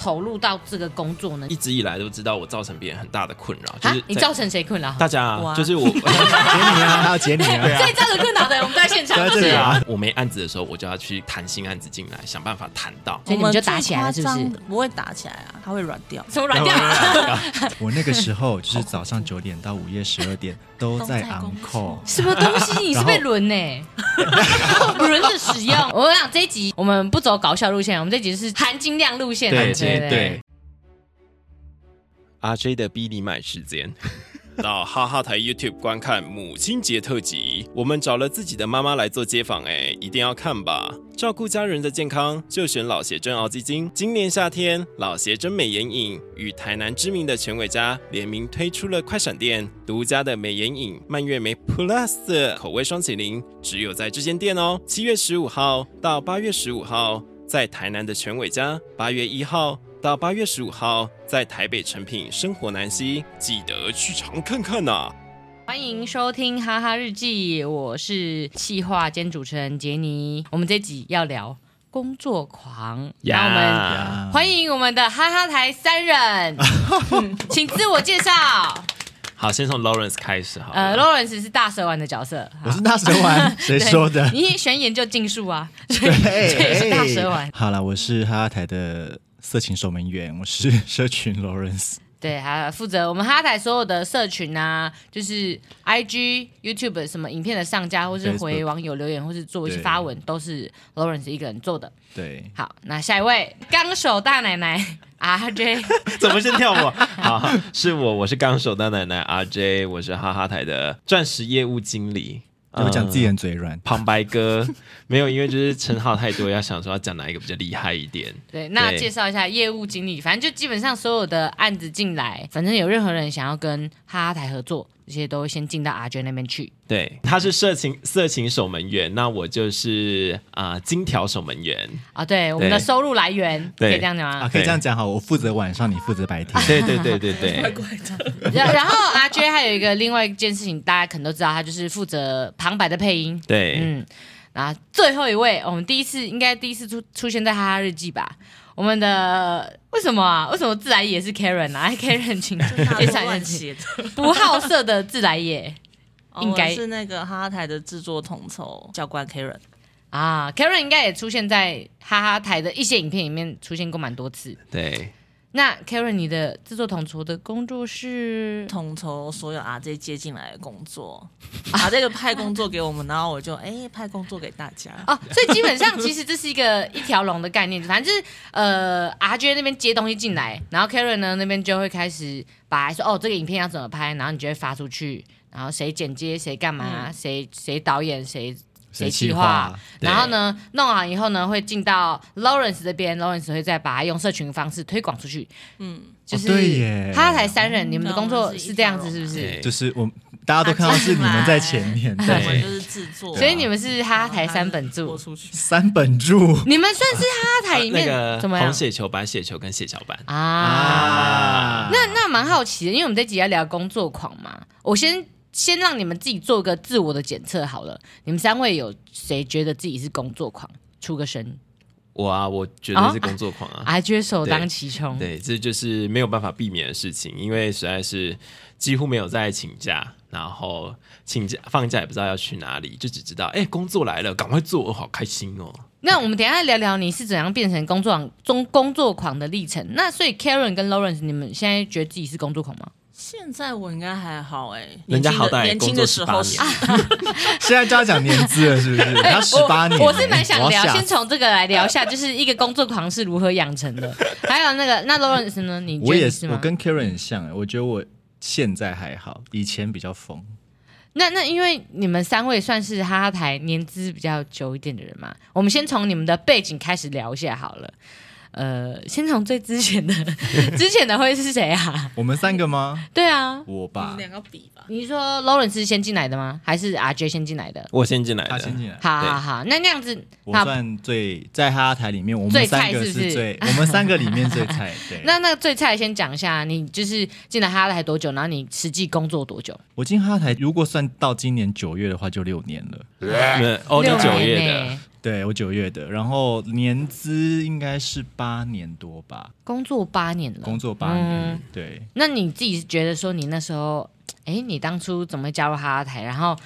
投入到這個工作呢？一直以來都知道我造成別人很大的困擾，啊，就是你造成誰困擾？大家，啊，就是我。哈哈哈哈哈！還有傑尼，所以，啊啊，造成困擾的我們在現場。對啊，啊，我沒案子的時候，我就要去談新案子進來，想辦法談到。所以你們就打起來了是不是？不會打起來啊，他會軟掉，什麼軟掉？我，啊， 我那個時候就是早上九點到午夜十二點。 都在公事，什麼東西？你是被輪呢、欸？輪 然後 的使用，我想這一集我們不走搞笑路線，我們這一集是含金量路線。對對，對對，RJ 的逼你買時間。到哈哈台 YouTube 觀看母親節特輯，我們找了自己的媽媽來做街訪，哎，一定要看吧！照顧家人的健康，就選老協珍熬雞精。今年夏天，老協珍美顏飲與台南知名的蜷尾家聯名推出了快閃店，獨家的美顏飲蔓越莓 Plus 的口味霜淇淋，只有在這間店哦。七月十五號到八月十五號，在台南的蜷尾家。八月一號。到八月十五號，在台北誠品生活南西，記得去嚐看看吶、啊！歡迎收聽《哈哈日記》，我是企劃兼主持人杰尼。我們這集要聊工作狂，讓、yeah. 我們歡迎我們的哈哈台三人， 嗯、請自我介紹。 好，先從 Lawrence 開始。呃、uh,，Lawrence 是大蛇丸的角色。我是大蛇丸， 誰說的？你選演就盡數啊！對，這 也是大蛇丸。好了，我是哈哈台的。色情守門員，我是社群 Lawrence。對啊，負責我們哈台所有的社群啊，就是 IG、YouTube 什麼影片的上架，或是回網友留言，或是做一些發文，都是 Lawrence 一個人做的。對，好，那下一位，綱手，大奶奶 R J， 怎麼先跳舞？ 好，是我，我是綱手大奶奶 R J，我是哈哈台的鑽石業務經理。你講自己很嘴軟、嗯，旁白哥沒有，因為就是稱號太多， 要想說要講哪一個比較厲害一點。對，對那介紹一下業務經理，反正就基本上所有的案子進來，反正有任何人想要跟哈哈台合作。這些都先進到阿 J 那邊去。對，他是色情色情守門員，那我就是啊金條守門員啊。對。對，我們的收入來源可以這樣講嗎？啊，可以這樣講哈。我負責晚上，你負責白天。 對，對對對對對。 然後阿 J 還有一個另外一件事情，大家可能都知道，他就是負責旁白的配音。對，嗯。那最後一位，我們第一次應該第一次出出現在《哈哈日記》吧。我們的為什麼啊？為什麼自來也是 Karen 啊 ？Karen 請，第三忍，不好色的自來也， 應該是那個哈哈台的製作統籌教官 Karen 啊。Karen 應該也出現在哈哈台的一些影片裡面出現過蠻多次，對。那 Karen，你的製作統籌的工作是統籌所有 RJ 接進來的工作，RJ 就、啊、派工作給我們， 然後我就哎派工作給大家哦。所以基本上其實這是一個 一條龍的概念，反正就是、呃 RJ 那邊接東西進來，然後 Karen 呢那邊就會開始把說哦這個影片要怎麼拍，然後你就會發出去，然後誰剪接誰幹嘛，嗯、誰誰導演誰。誰企劃？然後呢？弄好以後呢？會進到 Lawrence 這邊，Lawrence 會再把它用社群方式推廣出去。嗯，就是、哦、對耶哈台三人，你們的工作是這樣子，是不是？嗯、是就是我，大家都看到是你們在前面。對就是制作，所以你們是哈台三本柱。三本柱， 你們算是哈台裡面？ 啊、那個麼紅血球、白血球跟血小板啊，啊？那那蠻好奇的，因為我們這集要聊工作狂嘛。我先。先讓你們自己做個自我的檢測好了。你們三位有誰覺得自己是工作狂？出個聲。我啊，我覺得是工作狂啊，我、哦啊、覺得首當其衝。對，這就是沒有辦法避免的事情，因為實在是幾乎沒有在請假，然後請假放假也不知道要去哪裡，就只知道哎、欸，工作來了，趕快做，我好開心哦。那我們等一下聊聊你是怎樣變成工作狂中工作狂的歷程。那所以 Karen 跟 Lawrence，你們現在覺得自己是工作狂嗎？現在我應該還好哎、欸，人家好歹也工作，啊、 現在就要講年資了是不是？他十八年我。我是蠻想聊，下先從這個來聊一下，就是一個工作狂是如何養成的。還有那個，那 Lawrence 呢？你覺得嗎？我也是，我跟 Karen 很像哎、欸，我覺得我現在還好，以前比較瘋。那那因為你們三位算是哈哈台年資比較久一點的人嘛，我們先從你們的背景開始聊一下好了。呃，先從最之前的，之前的會是誰啊？ 我們三個嗎？對啊，我吧。你們兩個比吧。你說 Lawrence 是先進來的嗎？還是 RJ 先進來的？我先進來的，先進來的。好好，那那樣子，我算最在哈台裡面，我們三個是最，最菜是不是 我們三個裡面最菜。對， 那那個最菜先講一下，你就是進了哈台多久？然後你實際工作多久？我進哈台，如果算到今年九月的話，就六年了。對， 哦，你九月的。 對我九月的，然後年資應該是八年多吧，工作八年了，工作八年、嗯，對。那你自己覺得說，你那時候，哎，你當初怎麼會加入哈哈台？然後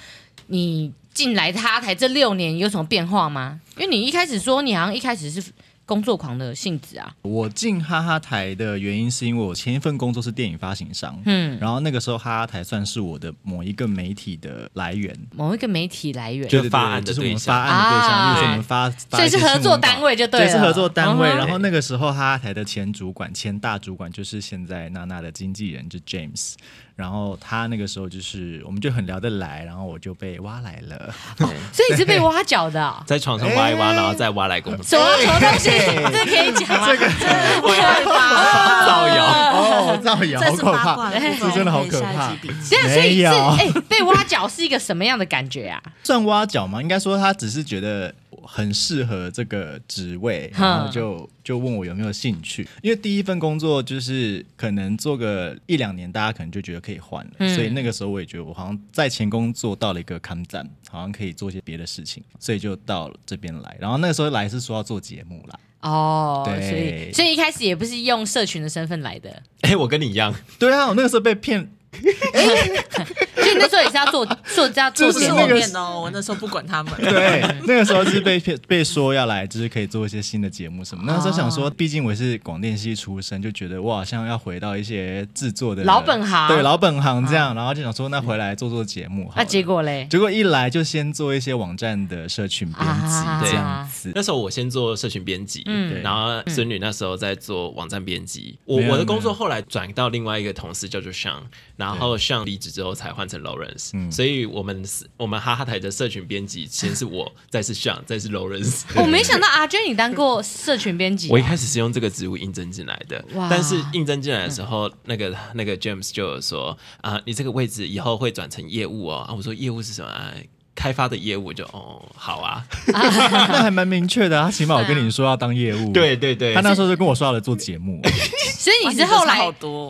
你進來哈哈台這六年有什麼變化嗎？因為你一開始說，你好像一開始是。工作狂的性質啊！我進哈哈台的原因是因為我前一份工作是電影發行商，嗯，然後那個時候哈哈台算是我的某一個媒體的來源，某一個媒體來源，就,對對對就發案的對象，就是我們發,案對象、啊我們發,對發，所以是合作單位就對了，就是合作單位、嗯。然後那個時候哈哈台的前主管、前大主管就是現在娜娜的經紀人，就是、James。然後他那個時候就是，我們就很聊得來，然後我就被挖來了，哦、所以你是被挖角的、哦，在床上挖一挖，欸、然後再挖來工作。所以可以可以講這個，可怕，造謠、哦，造謠，這是八卦，八卦真的好可怕。可以所以是哎，被挖角是一個什麼樣的感覺啊？算挖角嗎？應該說他只是覺得。很適合這個職位，然後就就問我有沒有興趣，因為第一份工作就是可能做個一兩年，大家可能就覺得可以換了，嗯，所以那個時候我也覺得我好像在前工作到了一個坎站，好像可以做些別的事情，所以就到這邊來。然後那個時候來是說要做節目了哦，對，所以所以一開始也不是用社群的身份來的。哎、欸，我跟你一樣，對啊，我那個時候被騙。所以，那時候也是要做 是要做家、做作面哦、就是那個。我那時候不管他們。對， 那個時候是被騙，被說要來，就是可以做一些新的節目什麼。那個、時候想說，畢、啊、竟我是廣電系出身，就覺得我好像要回到一些製作的老本行，對老本行這樣、啊。然後就想說，那回來做做節目。那、啊、結果嘞？結果一來就先做一些網站的社群編輯這樣子、啊。那時候我先做社群編輯、嗯，然後孫女那時候在做網站編輯、嗯。我我的工作後來轉到另外一個同事叫做尚。然後向離職之後才換成 Lawrence，所以我們我們哈哈台的社群編輯先是我， 再是向，再是 Lawrence。我沒想到阿娟 a 你當過社群編輯。我一開始是用這個職務應徵進來的哇，但是應徵進來的時候，嗯、那個那個 James 就有說啊，你這個位置以後會轉成業務哦。啊，我說業務是什麼？啊、開發的業務就哦，好啊， 那還蠻明確的啊，起碼我跟你說要當業務。對，對對對，他那時候就跟我說要來做節目、哦。 所以你是後來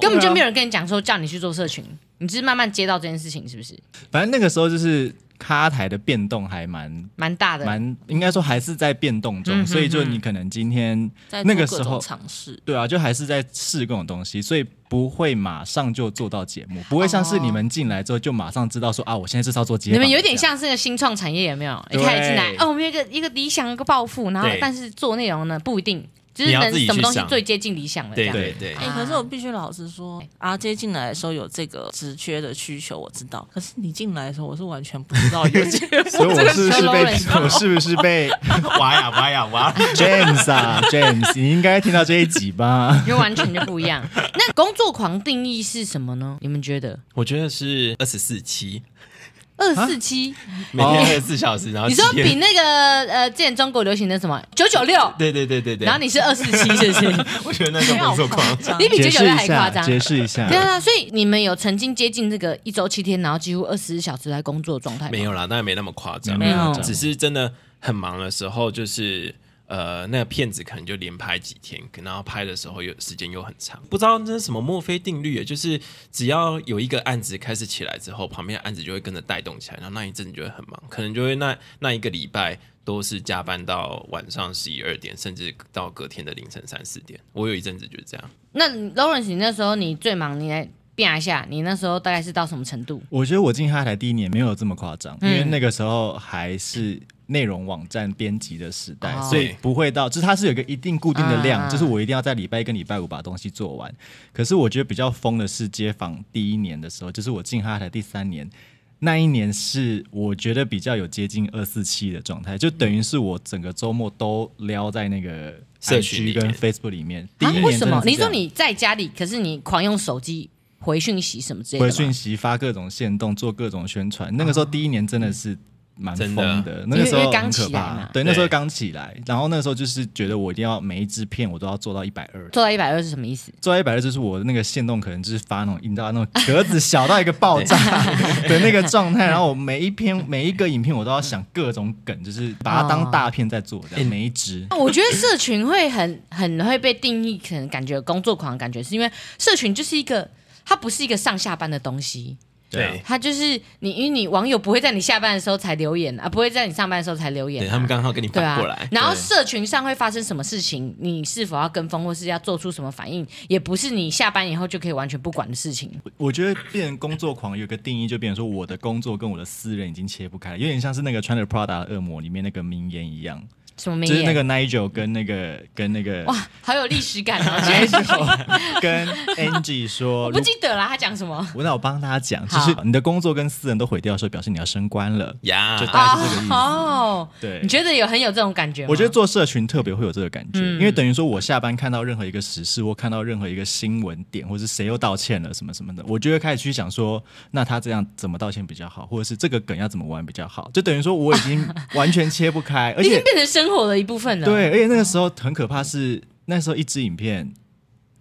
根本就沒有人跟你講說叫你去做社群，啊、你是慢慢接到這件事情是不是？反正那個時候就是咖台的變動還蠻蠻大的，蠻應該說還是在變動中、嗯哼哼。所以就你可能今天那個時候嘗試，對啊，就還是在試各種東西，所以不會馬上就做到節目，不會像是你們進來之後就馬上知道說、哦、啊，我現在是要做節目。你們有點像是那個新創產業，有沒有？一開始進來哦，我們有一個一個理想，一個抱負，然後但是做內容呢不一定。就是等什麼東西最接近理想了這樣？哎、啊欸，可是我必須老實說，欸、阿傑進來的時候有這個職缺的需求，我知道。可是你進來的時候，我是完全不知道有這個。 所以，我是不是被 我是不是被挖呀挖呀挖？James 啊，James，你應該聽到這一集吧？因 為完全就不一樣。那工作狂定義是什麼呢？你們覺得？我覺得是二十四七。二四七，啊、每天二十四小時，然後你說比那個呃，之前中國流行的什麼九九六，對對對對，然後你是二四七， 就是不是我覺得那種很誇張，你比九九六還誇張，解釋一,一下，對啊，所以你們有曾經接近這個一周七天，然後幾乎二十四小時來的工作狀態沒有啦，當然沒那麼誇張，沒有，只是真的很忙的時候就是。呃，那個片子可能就連拍幾天，然後拍的時候又時間又很長，不知道那是什麼墨菲定律，就是只要有一個案子開始起來之後，旁邊的案子就會跟着帶動起來，然後那一陣子就會很忙，可能就會那那一個禮拜都是加班到晚上十一二點，甚至到隔天的凌晨三四點。我有一陣子就是這樣。那 l a w r e n 你那時候你最忙，你來變一下，你那時候大概是到什麼程度？我覺得我進台第一年沒有這麼誇張、嗯，因為那個時候還是、嗯。內容網站編輯的時代，oh, okay. 所以不會到，就是它是有一個一定固定的量，uh, 就是我一定要在禮拜一跟禮拜五把東西做完。可是我覺得比較瘋的是街訪第一年的時候，就是我進哈台第三年，那一年是我覺得比較有接近二四七的狀態，就等於是我整個周末都撩在那個社群跟 Facebook 裡面。啊、第一年，為什麼？你說你在家裡，可是你狂用手機回訊息什麼之類的，回訊息發各種限動，做各種宣傳。Uh -huh. 那個時候第一年真的是。蠻瘋的,真的，那個時候剛起來嘛對，那時候剛起來，然後那個時候就是覺得我一定要每一支片我都要做到一百二，做到一百二是什麼意思？做到一百二就是我的那個線動可能就是发那種，你知道那種格子小到一個爆炸的那個狀態， 然後我每一篇 每一個影片我都要想各種梗，就是把它當大片在做的、哦，每一支，我覺得社群會很很會被定義，可能感覺工作狂的感覺是因為社群就是一個它不是一個上下班的東西。對，他就是你，因為你網友不會在你下班的時候才留言啊，不會在你上班的時候才留言啊。對，他們剛好給你回過來啊。然後社群上會發生什麼事情，你是否要跟風或是要做出什麼反應，也不是你下班以後就可以完全不管的事情。我，我覺得變成工作狂，有一個定義就變成說，我的工作跟我的私人已經切不開了，有點像是那個穿著 Prada 的惡魔裡面那個名言一樣。什麼就是那個 Nigel 跟那個跟那個哇，好有歷史感啊、哦！ 跟 Angie 說，我不記得了，他講什麼？我那我幫大家講，就是你的工作跟私人都毀掉的時候，表示你要升官了，呀、yeah.。就大概是這個意思。哦、oh,，對，你覺得有很有這種感覺嗎？我覺得做社群特別會有這個感覺，嗯、因為等於說我下班看到任何一個時事，或看到任何一個新聞點，或是誰又道歉了什麼什麼的，我就會開始去想說，那他這樣怎麼道歉比較好，或者是這個梗要怎麼玩比較好？就等於說我已經完全切不開， 而且變成生活的一部分呢，對，而、欸、且那個時候很可怕是，是那時候一支影片，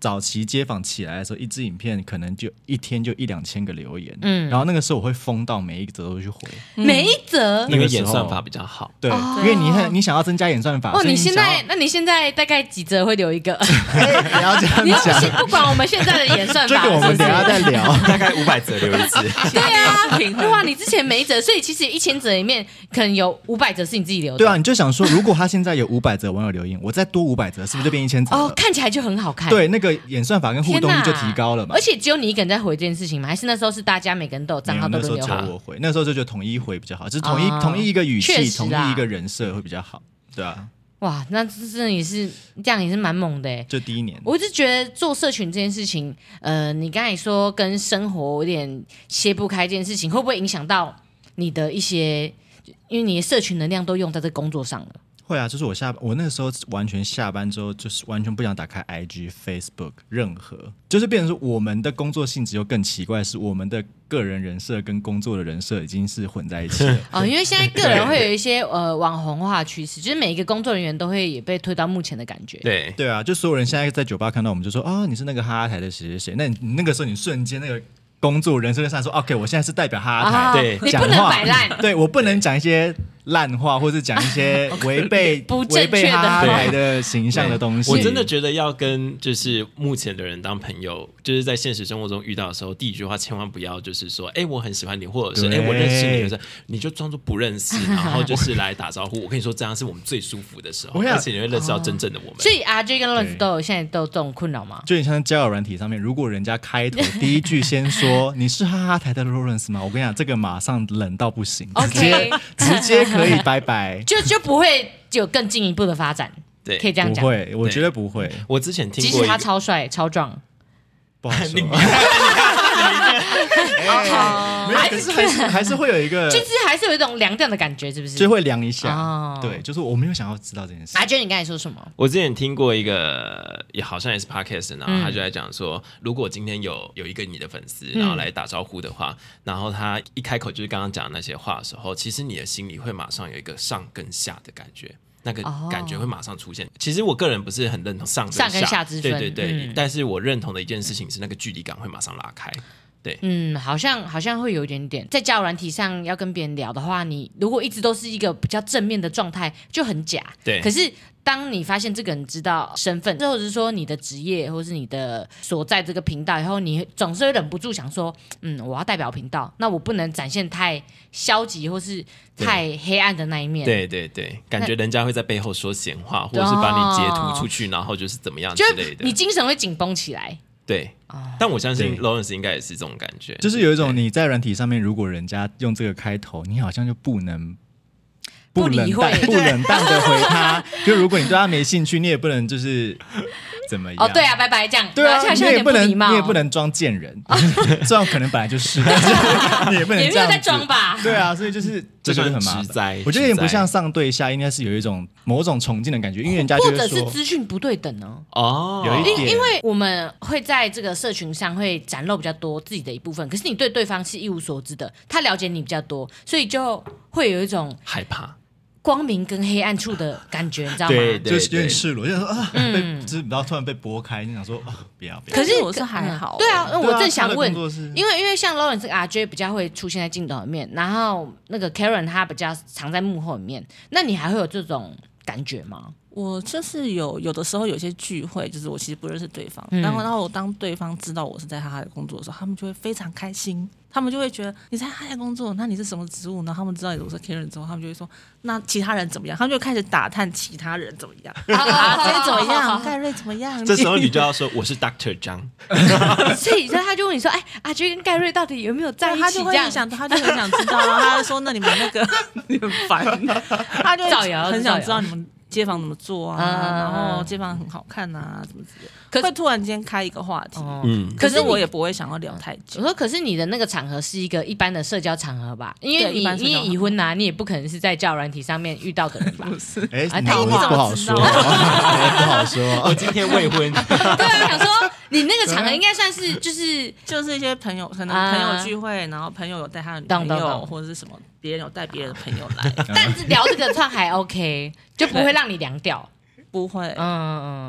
早期街訪起來的時候，一支影片可能就一天就一兩千個留言，嗯，然後那個時候我會瘋到每一則都去回，每一則，那個因為演算法比較好，對，哦、因為你想你想要增加演算法哦，哦。你現在，那你現在大概幾則會留一個？不要這樣講你要不，不管我們現在的演算法是是，我們等下再聊 大概五百則留一支， 對啊，對啊，你之前沒則，所以其實一千則裡面可能有五百則是你自己留的，對啊，你就想說，如果他現在有五百則，網友留言，我再多五百則，是不是就變一千則？哦，看起來就很好看，對那個。演算法跟互動率就提高了嘛，而且只有你一個人在回這件事情嘛，還是那時候是大家每個人都有賬號都是由我回，那時候就就統一回比較好，嗯、就是統一統一一個語氣、啊，統一一個人設會比較好，對啊。哇，那真的也是這樣，也是蠻猛的哎。就第一年，我就覺得做社群這件事情，呃，你剛才說跟生活有點切不開這件事情，會不會影響到你的一些，因為你的社群能量都用在這工作上了？會啊，就是我下我那個時候完全下班之後，就是完全不想打開 IG、Facebook，任何，就是變成說我們的工作性質又更奇怪，是我們的個人人設跟工作的人設已經是混在一起了 哦，因為現在個人會有一些呃網紅化趨勢，就是每一個工作人員都會也被推到目前的感覺。對對啊，就所有人現在在酒吧看到我們，就說哦，你是那個哈哈台的誰誰誰，那你那個時候你瞬間那個工作人設就上來說，OK，我現在是代表哈哈台、哦對，對，你不能擺爛，對我不能講一些。爛話，或是講一些違背、啊、不正確的違背哈哈台的形象的東西。我真的覺得要跟就是目前的人當朋友，就是在現實生活中遇到的時候，第一句話千萬不要就是說“哎、欸，我很喜歡你”或者是“哎、欸，我認識你”時，你就裝作不認識，然後就是來打招呼。我跟你說，這樣是我們最舒服的時候我。而且你會認識到真正的我們。啊、所以，阿杰跟 Lawrence 都有現在都這種困擾嗎？就你像交友軟體上面，如果人家開頭第一句先說“ 你是哈哈台的 Lawrence 嗎？”我跟你講，這個馬上冷到不行，okay. 直接直接。可以拜拜 就，就就不會有更進一步的發展。對，可以這樣講。不會，我覺得不會。我之前聽過，即使他超帥、超壯，不、啊、 好笑。有還是，是，還，是，還，是還是會有一個，就是還是有一種涼掉的感覺，是不是？就會涼一下。Oh. 對，就是我沒有想要知道這件事。阿娟，你剛才說什麼？我之前聽過一個，也好像也是 Podcast，然後他就來講說、嗯，如果今天有有一個你的粉絲，然後來打招呼的話、嗯，然後他一開口就是剛剛講的那些話的時候，其實你的心裡會馬上有一個上跟下的感覺，那個感覺會馬上出現。Oh. 其實我個人不是很認同上、下上跟下之分，對對對、嗯。但是我認同的一件事情是，那個距離感會馬上拉開。對，嗯，好像好像會有一點點，在交友軟體上要跟別人聊的話，你如果一直都是一個比較正面的狀態，就很假。對。可是，當你發現這個人知道身份或者是說你的職業或是你的所在這個頻道以後，然後你總是會忍不住想說，嗯，我要代表頻道，那我不能展現太消極或是太黑暗的那一面。對對對，對，感覺人家會在背後說閒話，或者是把你截圖出去，然後就是怎麼樣之類的，你精神會緊繃起來。對、啊，但我相信勞倫斯應該也是這種感覺，就是有一種你在軟體上面，如果人家用這個開頭，你好像就不能不冷淡， 不冷淡的回他， 就如果你對他沒興趣，你也不能就是。怎麼樣？哦、oh,，對啊，拜拜，這樣。對啊，對啊像不，你也不能，你也不能裝賤人，這樣可能本來就是， 你也不能這也沒有在裝吧？對啊，所以就是這個、就很實在。我覺得也不像上對下，應該是有一種某種崇敬的感覺，哦、因為人家覺得或者是資訊不對等哦。哦，有一點因，因為我們會在這個社群上會展露比較多自己的一部分，可是你對對方是一無所知的，他了解你比較多，所以就會有一種害怕。光明跟黑暗處的感覺，你知道嗎？對對對，就是有點赤裸，就是啊，被就是、嗯、然後突然被剝開，你想說啊，不要不要。可是我是還很好的對、啊，對啊，我正想問，因為因為像 Lawrence、RJ 比較會出現在鏡頭裡面，然後那個 Karen 他比較藏在幕後裡面，那你還會有這種感覺嗎？我就是有有的時候有些聚會，就是我其實不認識對方，然後然後當對方知道我是在他家工作的時候，他們就會非常開心，他們就會覺得你在他家工作，那你是什麼職務呢？他們知道你是 Karen 之後、嗯，他們就會說那其他人怎麼樣？他們就開始打探其他人怎麼樣？誰怎麼樣？蓋瑞怎麼樣？ 這時候你就要說我是 Doctor 張， 所以所以他就問你說，哎，阿杰跟蓋瑞到底有沒有在一起？ 他就會想，他就很想知道， 他就說那你們那個你很煩， 他就很想知道你們。街訪怎麼做啊？啊然後街訪很好看啊，怎、嗯、麼怎麼？會突然間開一個話題。嗯，可是我也不會想要聊太久。我、嗯、說，可是你的那個場合是一個一般的社交場合吧？因為你，你，你已婚啊，你也不可能是在交友軟體上面遇到的人吧？不是，哎、欸，你、啊、怎麼知道。我不好說。 我不好說、哦、今天未婚。 對啊，我想說你那個場合應該算是就是就是一些朋友，可能朋友聚會，啊、然後朋友有帶他的女朋友動動動動或者是什麼。別人有帶別人的朋友來， 但是聊這個串還 OK， 就不會讓你涼掉，不會。嗯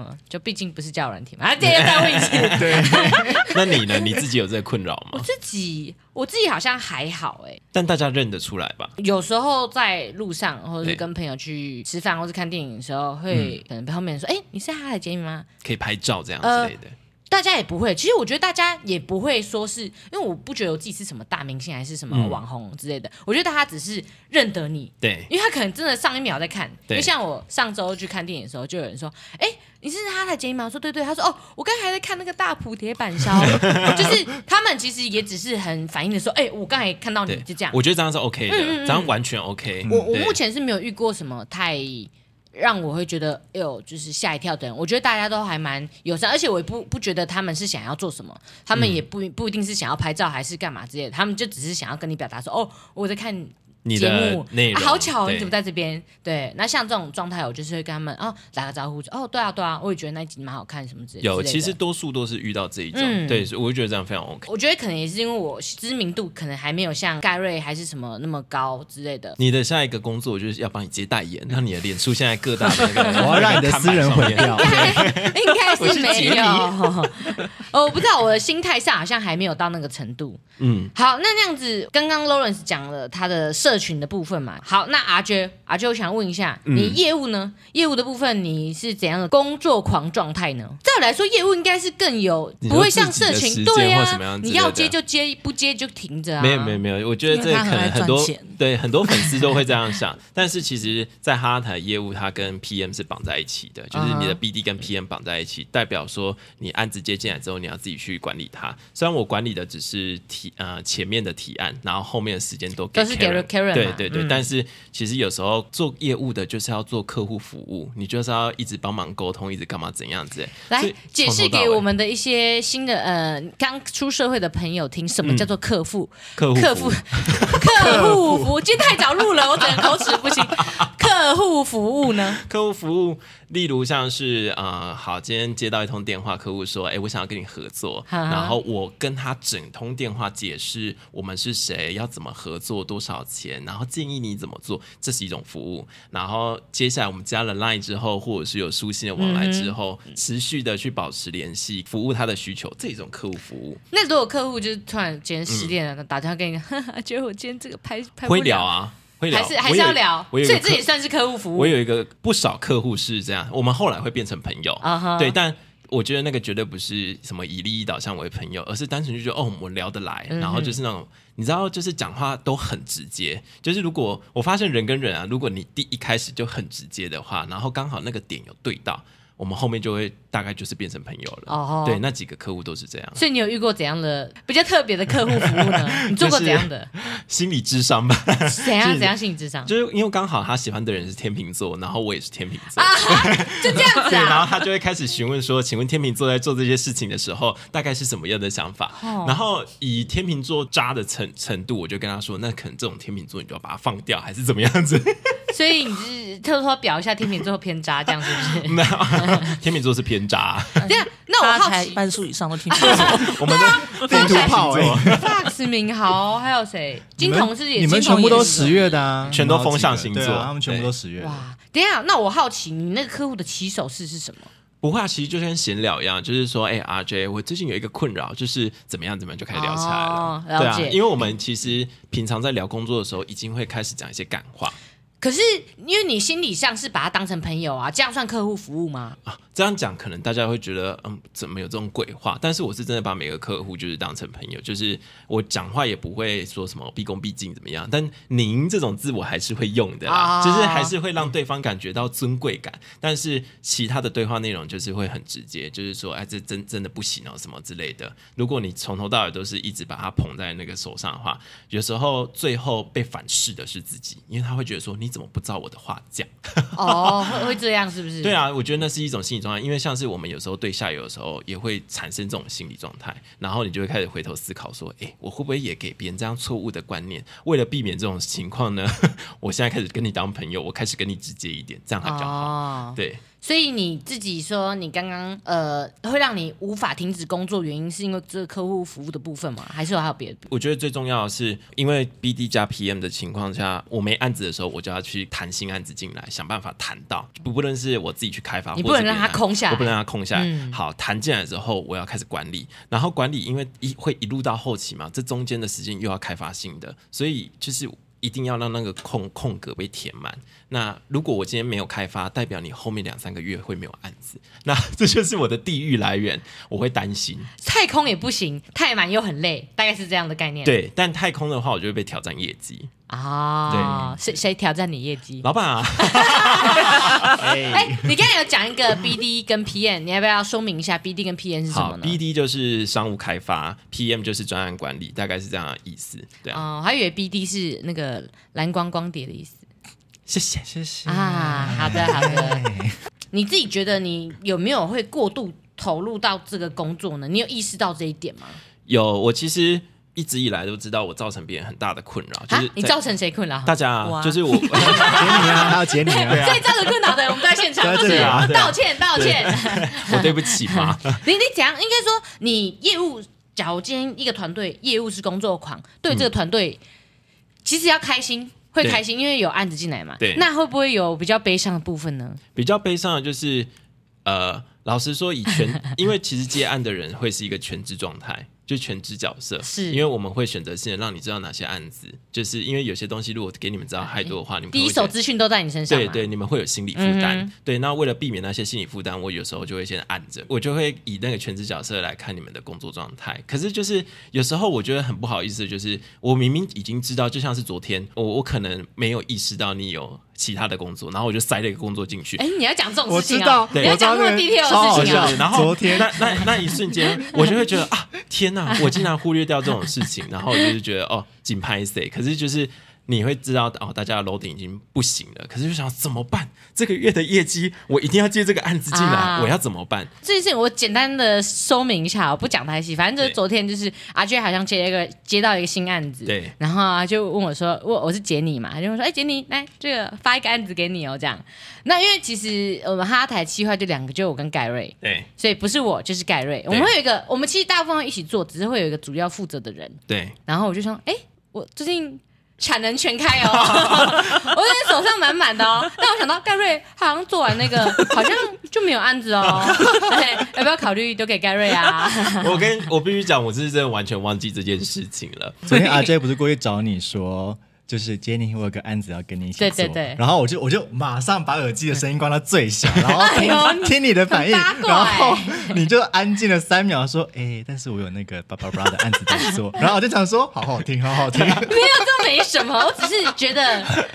嗯，就畢竟不是叫人體嘛，而且也帶微對。對對 那你呢？你自己有這個困擾嗎？我自己，我自己好像還好哎、欸。但大家認得出來吧？有時候在路上，或者是跟朋友去吃飯，或是看電影的時候，會可能被後面說：“哎、嗯欸，你是哈哈台節目嗎？”可以拍照這樣之類的。呃大家也不會，其實我覺得大家也不會說是，因為我不覺得我自己是什麼大明星還是什麼網紅之類的。嗯、我覺得大家只是認得你，對，因為他可能真的上一秒在看，就像我上周去看電影的時候，就有人說：“哎、欸，你是哈哈台傑尼嗎？”我說：“對對。”他說：“哦，我剛才還在看那個大普鐵板燒。 ”就是他們其實也只是很反應的說：“哎、欸，我剛才看到你就這樣。”我覺得這樣是 OK 的，嗯嗯嗯這樣完全 OK、嗯。我我目前是沒有遇過什麼太。讓我會覺得，哎呦，就是嚇一跳的人。我覺得大家都還蠻友善，而且我也不不覺得他們是想要做什麼，他們也不、嗯、不一定是想要拍照還是幹嘛之類的，他們就只是想要跟你表達說，哦，我在看。你的內容、啊、好巧、哦，你怎麼在這邊？對，那像這種狀態，我就是會跟他們哦打個招呼。哦，對啊，對啊，我也覺得那一集蠻好看，什麼之類的。有，其實多數都是遇到這一種、嗯，對，所以我就覺得這樣非常 OK。我覺得可能也是因為我知名度可能還沒有像蓋瑞還是什麼那麼高之類的。你的下一個工作就是要幫你接代言，讓你的臉出現在各大在， 我要讓你的私人毀掉應該，應該是沒有是。哦，我不知道，我的心態上好像還沒有到那個程度。嗯，好，那那樣子，剛剛 Lawrence 講了他的設。社群的部分嘛，好，那 RJ RJ 我想問一下，你業務呢，嗯？業務的部分你是怎樣的工作狂狀態呢？照理來說，業務應該是更有不會像社群對呀，啊，你要接就接，不接就停着，啊。沒有沒有沒有，我覺得這可能很多很對很多粉絲都會這樣想， 但是其實，在哈哈台業務，它跟 PM 是綁在一起的，就是你的 BD 跟 PM 綁在一起，uh -huh. 代表說你案子接進來之後，你要自己去管理它。雖然我管理的只是提呃前面的提案，然後後面的時間都都是對對對、嗯，但是其實有時候做業務的，就是要做客戶服務，你就是要一直幫忙溝通，一直幹嘛怎樣子？來解釋給我們的一些新的呃剛出社會的朋友聽，什麼叫做客戶？客、嗯、戶，客戶服，我 今天太早錄了， 我只能口齒不清。 客戶服務呢？客戶服務，例如像是啊、呃，好，今天接到一通電話，客戶說：“哎、欸，我想要跟你合作。哈哈”然後我跟他整通電話解釋我們是誰，要怎麼合作，多少錢，然後建議你怎麼做，這是一種服務。然後接下來我們加了 Line 之後，或者是有書信的往來之後，嗯、持續的去保持聯繫，服務他的需求，這種客戶服務。那如果客戶就是突然今天失戀了、嗯，打電話給你呵呵，覺得我今天這個拍拍會聊啊？還是還是要聊，所以這也算是客戶服務。我有一個不少客戶是這樣，我們後來會變成朋友。Uh-huh. 對，但我覺得那個絕對不是什麼以利益導向為朋友，而是單純就覺得哦，我們聊得來、嗯，然後就是那種你知道，就是講話都很直接。就是如果我發現人跟人啊，如果你第一開始就很直接的話，然後剛好那個點有對到。我們後面就會大概就是變成朋友了。哦，哦，對，那幾個客戶都是這樣。所以你有遇過怎樣的比較特別的客戶服務呢？你做過怎樣的、就是、心理諮商吧？怎樣怎樣心理諮商？就是因為剛好他喜歡的人是天秤座，然後我也是天秤座，啊、就這樣子、啊。對，然後他就會開始詢問說：“請問天秤座在做這些事情的時候，大概是什麼樣的想法？”哦、然後以天秤座渣的程程度，我就跟他說：“那可能這種天秤座，你就要把它放掉，還是怎麼樣子？”所以你就是偷偷表一下天秤座偏渣，這樣是不是？ 嗯 天秤座是偏渣、啊啊，對啊。那我好奇才，半數以上都天秤座，我們的風象星 f 阿 x 明豪還有誰？金同是也，你們全部都十月的啊，嗯、全都風象星座，他們，、啊、他們全部都十月。哇，等下，那我好奇，你那個客戶的起手式是什麼？不會，其實就跟閒聊一樣，就是說，哎、欸、，RJ，我最近有一個困擾，就是怎麼樣，怎麼樣，就開始聊起來了。、哦了解。對啊，因為我們其實平常在聊工作的時候，已經會開始講一些感化。可是，因為你心理上是把他當成朋友啊，這樣算客戶服務嗎？啊，這樣講可能大家會覺得，嗯，怎麼有這種鬼話？但是我是真的把每個客戶就是當成朋友，就是我講話也不會說什麼畢恭畢敬怎麼樣，但“您”這種字我還是會用的啦、啊、就是還是會讓對方感覺到尊貴感、啊嗯。但是其他的對話內容就是會很直接，就是說，哎，這真真的不行哦、啊，什麼之類的。如果你從頭到尾都是一直把他捧在那個手上的話，有時候最後被反噬的是自己，因為他會覺得說你。你怎麼不照我的話講？哦，會 oh, 會這樣是不是？對啊，我覺得那是一種心理狀態，因為像是我們有時候對下游的時候，也會產生這種心理狀態，然後你就會開始回頭思考說，誒，我會不會也給別人這樣錯誤的觀念？為了避免這種情況呢，我現在開始跟你當朋友，我開始跟你直接一點，這樣比較好。Oh. 對。所以你自己說，你剛剛，你剛剛呃，會讓你無法停止工作原因，是因為這個客戶服務的部分嗎？還是有還有別的？我覺得最重要的是，因為 B D 加 P M 的情況下，我沒案子的時候，我就要去談新案子進來，想辦法談到不，不論是我自己去開發。嗯、你不能讓它空下來，我不能讓它空下來。嗯、好，談進來之後，我要開始管理，然後管理因為一會一路到後期嘛，這中間的時間又要開發新的，所以就是。一定要讓那個空空格被填滿。那如果我今天沒有開發，代表你後面兩三個月會沒有案子。那這就是我的地獄來源，我會擔心。太空也不行，太滿又很累，大概是這樣的概念。對，但太空的話，我就會被挑戰業績。啊、哦，誰誰挑戰你業績？老闆啊！哎、 欸，你剛剛有講一個 B D 跟 P M，你要不要說明一下 B D 跟 P M 是什麼呢？B D 就是商務開發，P M 就是專案管理，大概是這樣的意思。對、啊、哦，還以為 B D 是那個藍光光碟的意思。謝謝謝謝啊，好的好的，你自己覺得你有沒有會過度投入到這個工作呢？你有意識到這一點嗎？有，我其實。一直以來都知道我造成別人很大的困擾，就是你造成誰困擾？大家，就是我，解你啊，解你，所以造成困擾的，我們在現場，道歉，道歉，我對不起嘛？ 你你講，應該說你業務，假如今天一個團隊業務是工作狂，對這個團隊、嗯，其實要開心會開心，因為有案子進來嘛，對，那會不會有比較悲傷的部分呢？比較悲傷的就是，呃。老實說，以全，因為其實接案的人會是一個全職狀態， 就全職角色。是因為我們會選擇性的讓你知道哪些案子，就是因為有些東西如果給你們知道太多的話，哎、你們第一手資訊都在你身上，對對，你們會有心理負擔、嗯。對，那為了避免那些心理負擔，我有時候就會先按着，我就會以那個全職角色來看你們的工作狀態。可是就是有時候我覺得很不好意思，就是我明明已經知道，就像是昨天，我我可能沒有意識到你有。其他的工作，然後我就塞了一個工作進去。哎、欸，你要講這種事情啊？對你要講種地鐵的好笑、啊哦。然後，昨天那那那一瞬間， 我就會覺得啊，天哪，啊！我竟然忽略掉這種事情， 然後我就是覺得哦，緊拍死。可是就是。你會知道哦，大家的 loading 已經不行了，可是就想怎麼辦？這個月的業績我一定要接這個案子進來，啊，我要怎麼辦？這件事情我簡單的說明一下，我不講太細，反正就是昨天，就是阿娟好像接了一個接到一個新案子，對，然後就問我說：“我我是傑尼嘛？”他就問我說：“哎，傑尼，來這個發一個案子給你哦。”這樣，那因為其實我們哈台企劃就兩個，就我跟蓋瑞，對，所以不是我就是蓋瑞，我們會有一個，我們其實大部分一起做，只是會有一個主要負責的人，對。然後我就想，哎，我最近。產能全開哦， 我現在手上滿滿的哦。但我想到蓋瑞，他好像做完那個，好像就沒有案子哦。要不要考慮都給蓋瑞啊 我？我跟我必須講，我是，是真的完全忘記這件事情了。 昨天阿 J 不是過去找你說。就是傑尼，我有個案子要跟你一起做，對對對，然後我就我就馬上把耳機的聲音關到最小，哎、然後聽你的反應，然後你就安靜了三秒，說：“ 哎，但是我有那個巴拉巴拉的案子在做。 ”然後我就想說：“好好聽，好好聽。”沒有，這沒什麼，我只是覺得，哎、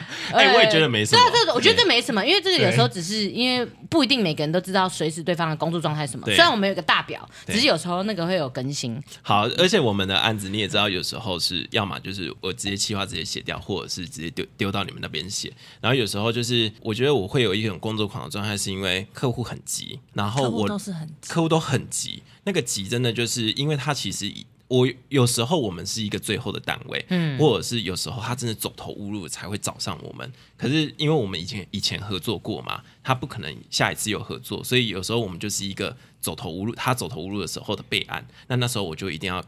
okay, 欸，我也覺得沒什麼。對啊，這我覺得這沒什麼，因為這個有時候只是因為不一定每個人都知道隨時對方的工作狀態是什麼。雖然我們有個大表，只是有時候那個會有更新。好，而且我們的案子你也知道，有時候是要嘛就是我直接企劃直接寫掉。或者是直接丟丟到你們那邊寫，然後有時候就是，我覺得我會有一種工作狂的狀態，是因為客戶很急，然後我都是很客戶都很急，那個急真的就是因為他其實我有時候我們是一個最後的單位，嗯，或者是有時候他真的走投無路才會找上我們，可是因為我們以前以前合作過嘛，他不可能下一次有合作，所以有時候我們就是一個走投無路，他走投無路的時候的備案，那那時候我就一定要。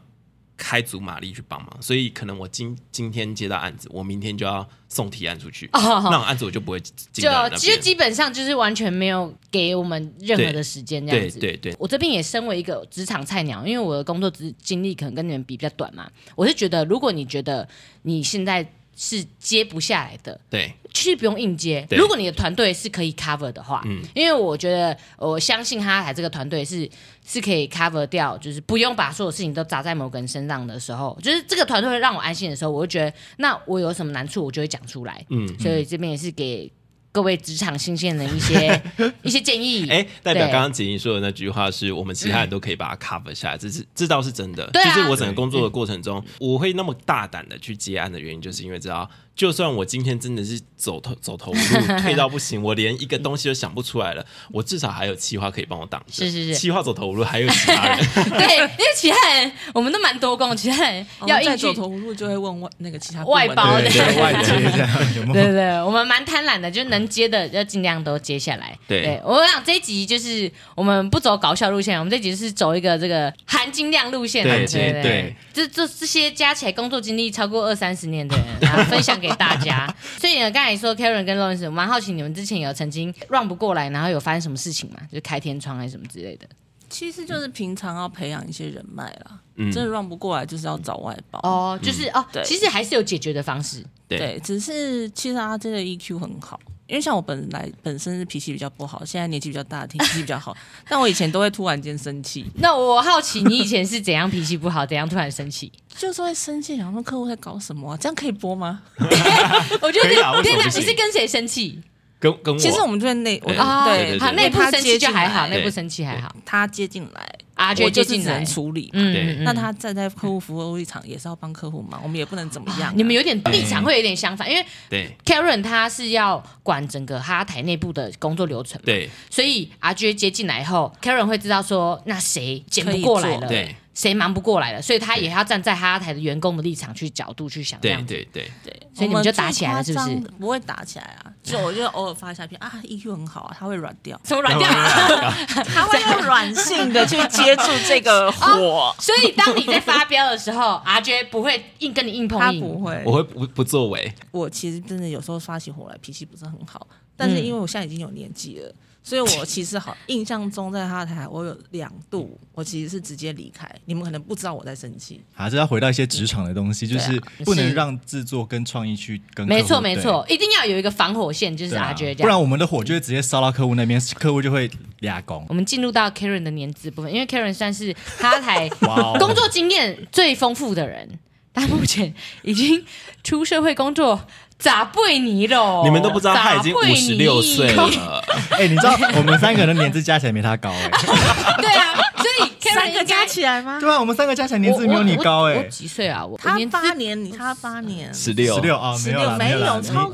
開足馬力去幫忙，所以可能我今今天接到案子，我明天就要送提案出去，oh, oh, oh. 那種案子我就不會接到那邊。就其實基本上就是完全沒有給我們任何的時間這樣子。對對，對，對，我這邊也身為一個職場菜鳥，因為我的工作資經歷可能跟你們比比較短嘛，我是覺得如果你覺得你現在是接不下來的，對。其實不用硬接，如果你的團隊是可以 cover 的話，嗯、因為我覺得、呃、我相信哈哈台這個團隊是是可以 cover 掉，就是不用把所有事情都砸在某個人身上的時候，就是這個團隊會讓我安心的時候，我就覺得那我有什麼難處，我就會講出來。嗯，所以這邊也是給各位職場新鮮人一些 一些建議。哎、欸，代表剛剛子怡說的那句話是，是我們其他人都可以把它 cover 下來，嗯、這是這倒是真的。其、啊、就是我整個工作的過程中，嗯、我會那麼大膽的去接案的原因，就是因為知道。就算我今天真的是走頭走投無路，退到不行，我連一個東西都想不出來了，我至少還有企劃可以幫我擋着。是是是，企劃走投無路，還有其他人。 對， 因為其他人，我們都蠻多工，其他人，哦、要一走投無路，就會問外那個其他外包的，有沒有，對對，我們蠻貪婪的，就能接的要儘量都接下來。對，對我想這一集就是我們不走搞笑路線，我們這集是走一個這個含金量路線，對對，對對，這這這些加起來工作經歷超過二三十年的人，然後分享。 給大家，所以剛才說 Karen 跟 Lawrence，我蠻好奇你們之前有曾經 run 不過來，然後有發生什麼事情嗎？就是開天窗還是什麼之類的？其實就是平常要培養一些人脈啦、嗯，真的 run 不過來就是要找外包哦，嗯 oh, 就是，嗯，哦，對，其實還是有解決的方式，對，對只是其實他這個 EQ 很好。因為像我本來本身是脾氣比較不好，現在年紀比較大，脾氣比較好。 但我以前都會突然間生氣。那我好奇，你以前是怎樣脾氣不好， 怎樣突然生氣？就是會生氣，然後客戶在搞什麼啊，這樣可以播嗎？ 我就覺得，我跟你講，你是跟誰生氣？跟，跟我。其實我們就是那，就好對，那好，對，他內部生氣就還好，內部生氣還好，他接進來。阿杰接進來處理、嗯，那他站在客戶服務立場也是要幫客戶嘛，我們也不能怎麼樣、啊。你們有點立場會有點相反，嗯、因為 Karen 他是要管整個哈台內部的工作流程，對，所以阿傑接進來後，Karen 會知道說那誰接不過來了。誰忙不過來了，所以他也要站在哈哈台的員工的立場去角度去想。對對對對，所以你們就打起來了是不是？不會打起來啊，就我就偶爾發一下片啊，EQ 很好啊，他會軟掉，什麼軟掉、啊？有軟掉啊、 他會用軟性的去接觸這個火、哦。所以當你在發飆的時候，阿 杰不會硬跟你硬碰硬，他不會，我會不不作為。我其實真的有時候發起火來脾氣不是很好，但是因為我現在已經有年紀了。 所以，我其實好印象中，在哈台我有兩度，我其實是直接離開。你們可能不知道我在生氣。好、啊，是要回到一些職場的東西、嗯，就是不能讓制作跟創意去跟客戶。沒錯沒錯，一定要有一個防火線，就是阿傑這樣、啊、不然我們的火就會直接燒到客戶那邊、嗯，客戶就會抓狂。我們進入到 Karen 的年資部分，因為 Karen 算是哈台工作經驗最豐富的人、wow，他目前已經出社會工作。咋背你了？你們都不知道他已經五十六歲了。哎、 欸，你知道 我們三個人的年資加起來沒他高、欸。 對啊，所以三個加起來嗎？對啊，我們三個加起來年資沒有你高哎、欸。我幾歲啊？他八年，你他八年，十六十六啊，沒有 16, 沒有,沒有,沒有,、啊、有,有是超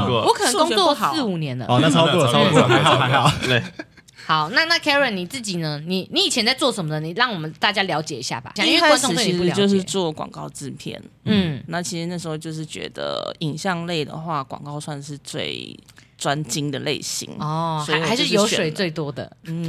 過，我可能工作四五年了。哦，那超過了，超過了，還好還好。 還好還好 好，那那 Karen 你自己呢？你你以前在做什麼呢？你讓我們大家了解一下吧，因為，因為觀眾對這個不了解。其實就是做廣告製片，嗯，那其實那時候就是覺得影像類的話，廣告算是最。專精的類型哦，還還是有水最多的。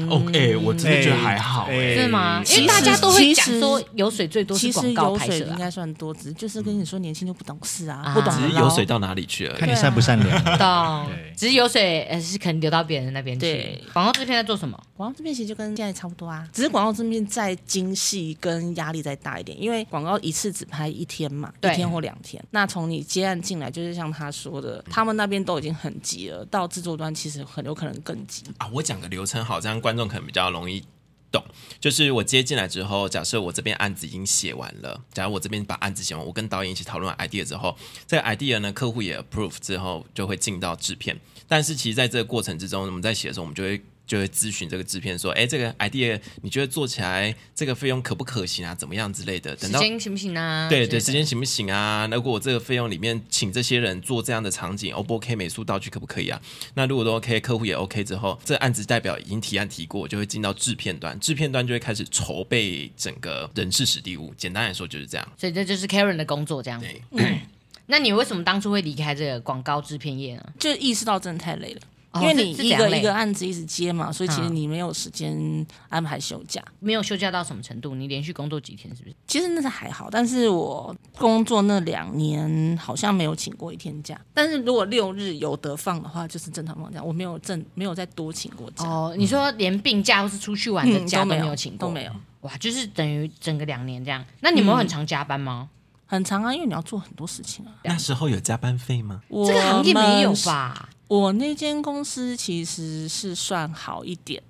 哦，哎、欸，我真的覺得還好、欸，哎、欸，是嗎？因為大家都會講說有水最多是廣告拍，其實有水應該算多，只就是跟你說年輕就不懂事啊，啊不懂。只是有水到哪裡去了？看你善不善良。到，只是有水，呃，是可能流到別人那邊去。廣告這邊在做什麼？廣告這邊其實就跟現在差不多啊，只是廣告這邊再精細跟壓力再大一點，因為廣告一次只拍一天嘛，一天或兩天。那從你接案進來，就是像他說的，嗯、他們那邊都已經很急了。到製作端其實很有可能更急啊，啊！我講個流程好，這樣觀眾可能比較容易懂。就是我接進來之後，假設我這邊案子已經寫完了，假如我這邊把案子寫完，我跟導演一起討論完 idea 之後，這個 idea 呢，客戶也 approve 之後，就會進到制片。但是其實，在這個過程之中，我們在寫的時候，我們就會。就會諮詢這個制片說：“哎，這個 idea 你覺得做起來這個費用可不可行啊？怎麼樣之類的？等到時間行不行啊？對對對？對對，時間行不行啊？如果這個費用裡面請這些人做這樣的場景，O 不 O K 美術道具可不可以啊？那如果都 O、OK, K，客戶也 O、OK、K 之後，這個、案子代表已經提案提過，就會進到制片端。制片端就會開始籌備整個人事、時地物。簡單來說就是這樣。所以這就是 Karen 的工作這樣子、嗯。 那你為什麼當初會離開這個廣告制片業呢？就意識到真的太累了。”因為你一個一個案子一直接嘛、哦，所以其實你沒有時間安排休假。沒有休假到什麼程度？你連續工作幾天，是不是？其實那是還好，但是我工作那兩年好像沒有請過一天假。但是如果六日有得放的話，就是正常放假，我沒有正沒有再多請過假。哦，你說連病假或是出去玩的假都沒有請過、嗯，都沒有，都沒有，都沒有。哇，就是等於整個兩年這樣。那你們有很常加班嗎？嗯很長啊，因為你要做很多事情啊。那時候有加班費嗎？我這個行業沒有吧？我那間公司其實是算好一點，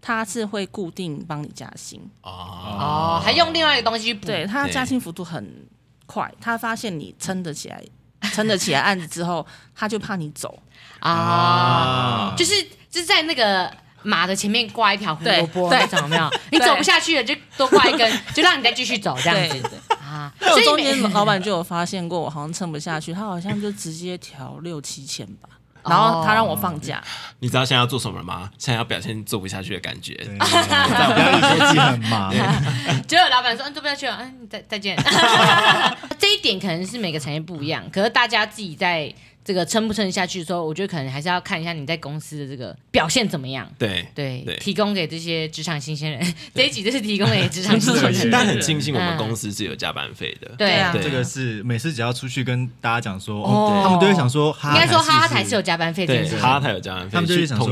他是會固定幫你加薪哦，哦，還用另外一個東西去補。對，他加薪幅度很快，他發現你撐得起來，撐得起來案子之後，他 就怕你走啊，啊，就是就是在那個馬的前面掛一條胡蘿蔔，對，對有沒有？你走不下去了，就多掛一根， 就讓你再繼續走這樣子。對啊！中間老闆就有發現過，我好像撐不下去，他好像就直接調六七千吧，然後他讓我放假。你知道現在要做什麼嗎？現在要表現做不下去的感覺，但 結果老闆說，嗯：“做不下去了，嗯，再再見。 ” 這一點可能是每個產業不一樣，可是大家自己在。這個撐不撐下去？說，我覺得可能還是要看一下你在公司的這個表現怎麼樣？對對，對，提供給這些職場新鮮人，這一集就是提供給職場新鮮人。但很慶幸我們公司是有加班費的，嗯對啊。對啊，這個是每次只要出去跟大家講說，嗯哦哦、他們都會想說，應該、啊哦、說哈哈、哦哦哦哦哦哦哦、台是有加班費的，對，哈哈台有加班費。他們就會想說，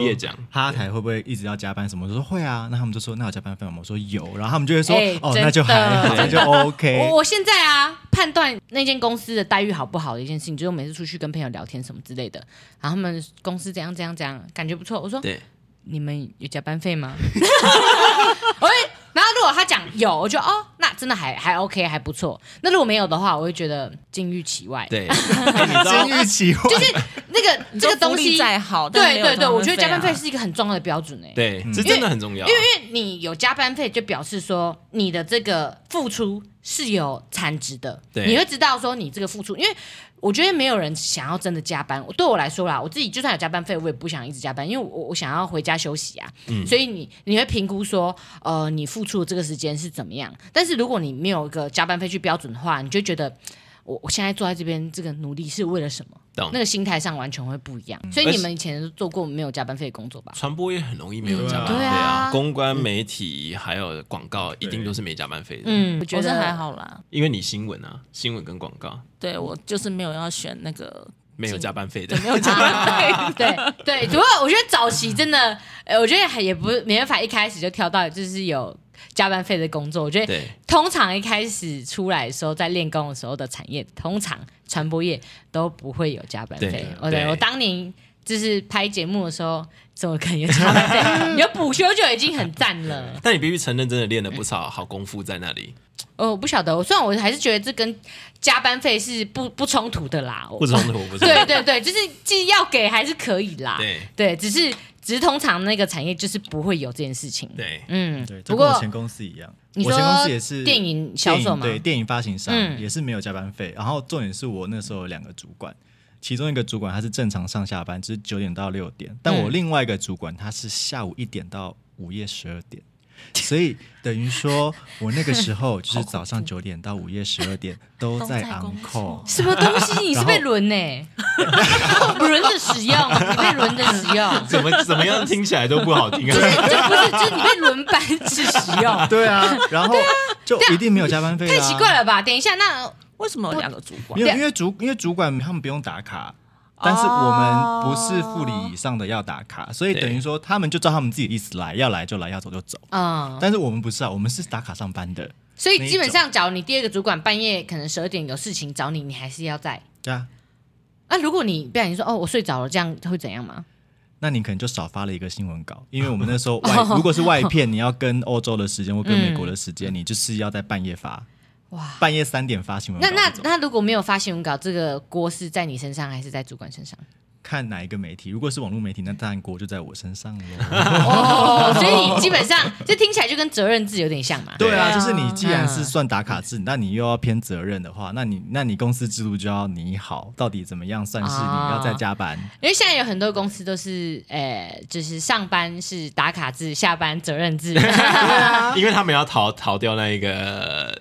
哈哈台會不會一直要加班什麼？我就說會啊，那他們就說那有加班費嗎？我說有，然後他們就會說、哎、哦，那就那就 OK。我我現在啊，判斷那間公司的待遇好不好的一件事情，就是每次出去跟朋友聊。填什麼之類的，然後他們公司怎樣怎樣怎樣，感覺不錯。我說，對，你們有加班費嗎？ 然後如果他講有，我就哦，那真的還還 OK，還不錯。那如果沒有的話，我會覺得金玉其外。對，金 玉其外 就是那個 這個東西再好， 對對對， 我覺得加班費是一個很重要的標準誒、欸。對、嗯，這真的很重要，因為因為你有加班費，就表示說你的這個付出。是有產值的，對，你會知道說你這個付出，因為我覺得沒有人想要真的加班。我對我來說啦，我自己就算有加班費，我也不想一直加班，因為我我想要回家休息啊。嗯，所以你你會評估說，呃，你付出的這個時間是怎麼樣？但是如果你沒有一個加班費去標準的話，你就覺得我我現在坐在這邊這個努力是為了什麼？那個心態上完全會不一樣，嗯，所以你們以前都做過沒有加班費的工作吧？傳播也很容易沒有加班費，嗯、啊、啊、啊，公關、嗯、媒體還有廣告，一定都是沒加班費的。嗯，我覺得我還好啦，因為你新聞啊，新聞跟廣告，對，我就是沒有要選那個、嗯嗯、沒有加班費的。 沒有加班費對對，主要 我覺得早期真的，我覺得還也不，嗯、沒辦法一開始就挑到就是有加班費的工作。我覺得通常一開始出來的時候，在練功的時候的產業，通常。傳播業都不會有加班費。我對，對，對，對 okay, 我當年就是拍節目的時候，怎麼可能有加班費？有補休就已經很讚了。 但你必須承認，真的練了不少好功夫在那裡。哦，我不曉得。我雖然我還是覺得這跟加班費是不不衝突的啦，不衝突，不衝突。 對對對，就是既要給還是可以啦。對對，只是。只是通常那個產業就是不會有這件事情。對，嗯，對。就跟我前公司一樣，我前公司也是電影銷售嘛，對，電影發行商也是沒有加班費，嗯。然後重點是我那時候有兩個主管，其中一個主管他是正常上下班，就是九點到六點；但我另外一個主管他是下午一點到午夜十二點。嗯所以等於說，我那個時候就是早上九點到午夜十二點都在 on call 什麼東西？你是被輪呢、欸？然後 輪着使用，你被輪着使用？怎麼怎麼樣？聽起來都不好聽啊！就是、就不是，就是你被輪班去使用。對啊，然後就一定沒有加班費、啊啊，太奇怪了吧？等一下，那為什麼有兩個主管？因為主因為主管他們不用打卡。但是我們不是副理以上的要打卡，oh, 所以等於說他們就照他們自己的意思來，要來就來，要走就走。啊、oh.！但是我們不是啊，我們是打卡上班的，所以基本上，找你第二個主管半夜可能十二點有事情找你，你還是要在。對、yeah. 啊。那如果你不小心說哦我睡着了，這樣會怎樣嗎？那你可能就少發了一個新聞稿，因為我們那時候外 如果是外片， 你要跟歐洲的時間或跟美國的時間、 嗯，你就是要在半夜發。哇！半夜三點發新聞稿，那那那如果沒有發新聞稿，這個鍋是在你身上還是在主管身上？看哪一個媒體？如果是網絡媒體，那當然鍋就在我身上了、哦。 哦，所以你基本上這聽起來就跟責任制有點像嘛。對啊，就是你既然是算打卡制，嗯、那你又要偏責任的話，那你那你公司制度就要擬好，到底怎麼樣算是你要再加班、啊？因為現在有很多公司都是，哎、呃，就是上班是打卡制，下班責任制。 對啊、因為他們要逃逃掉那一個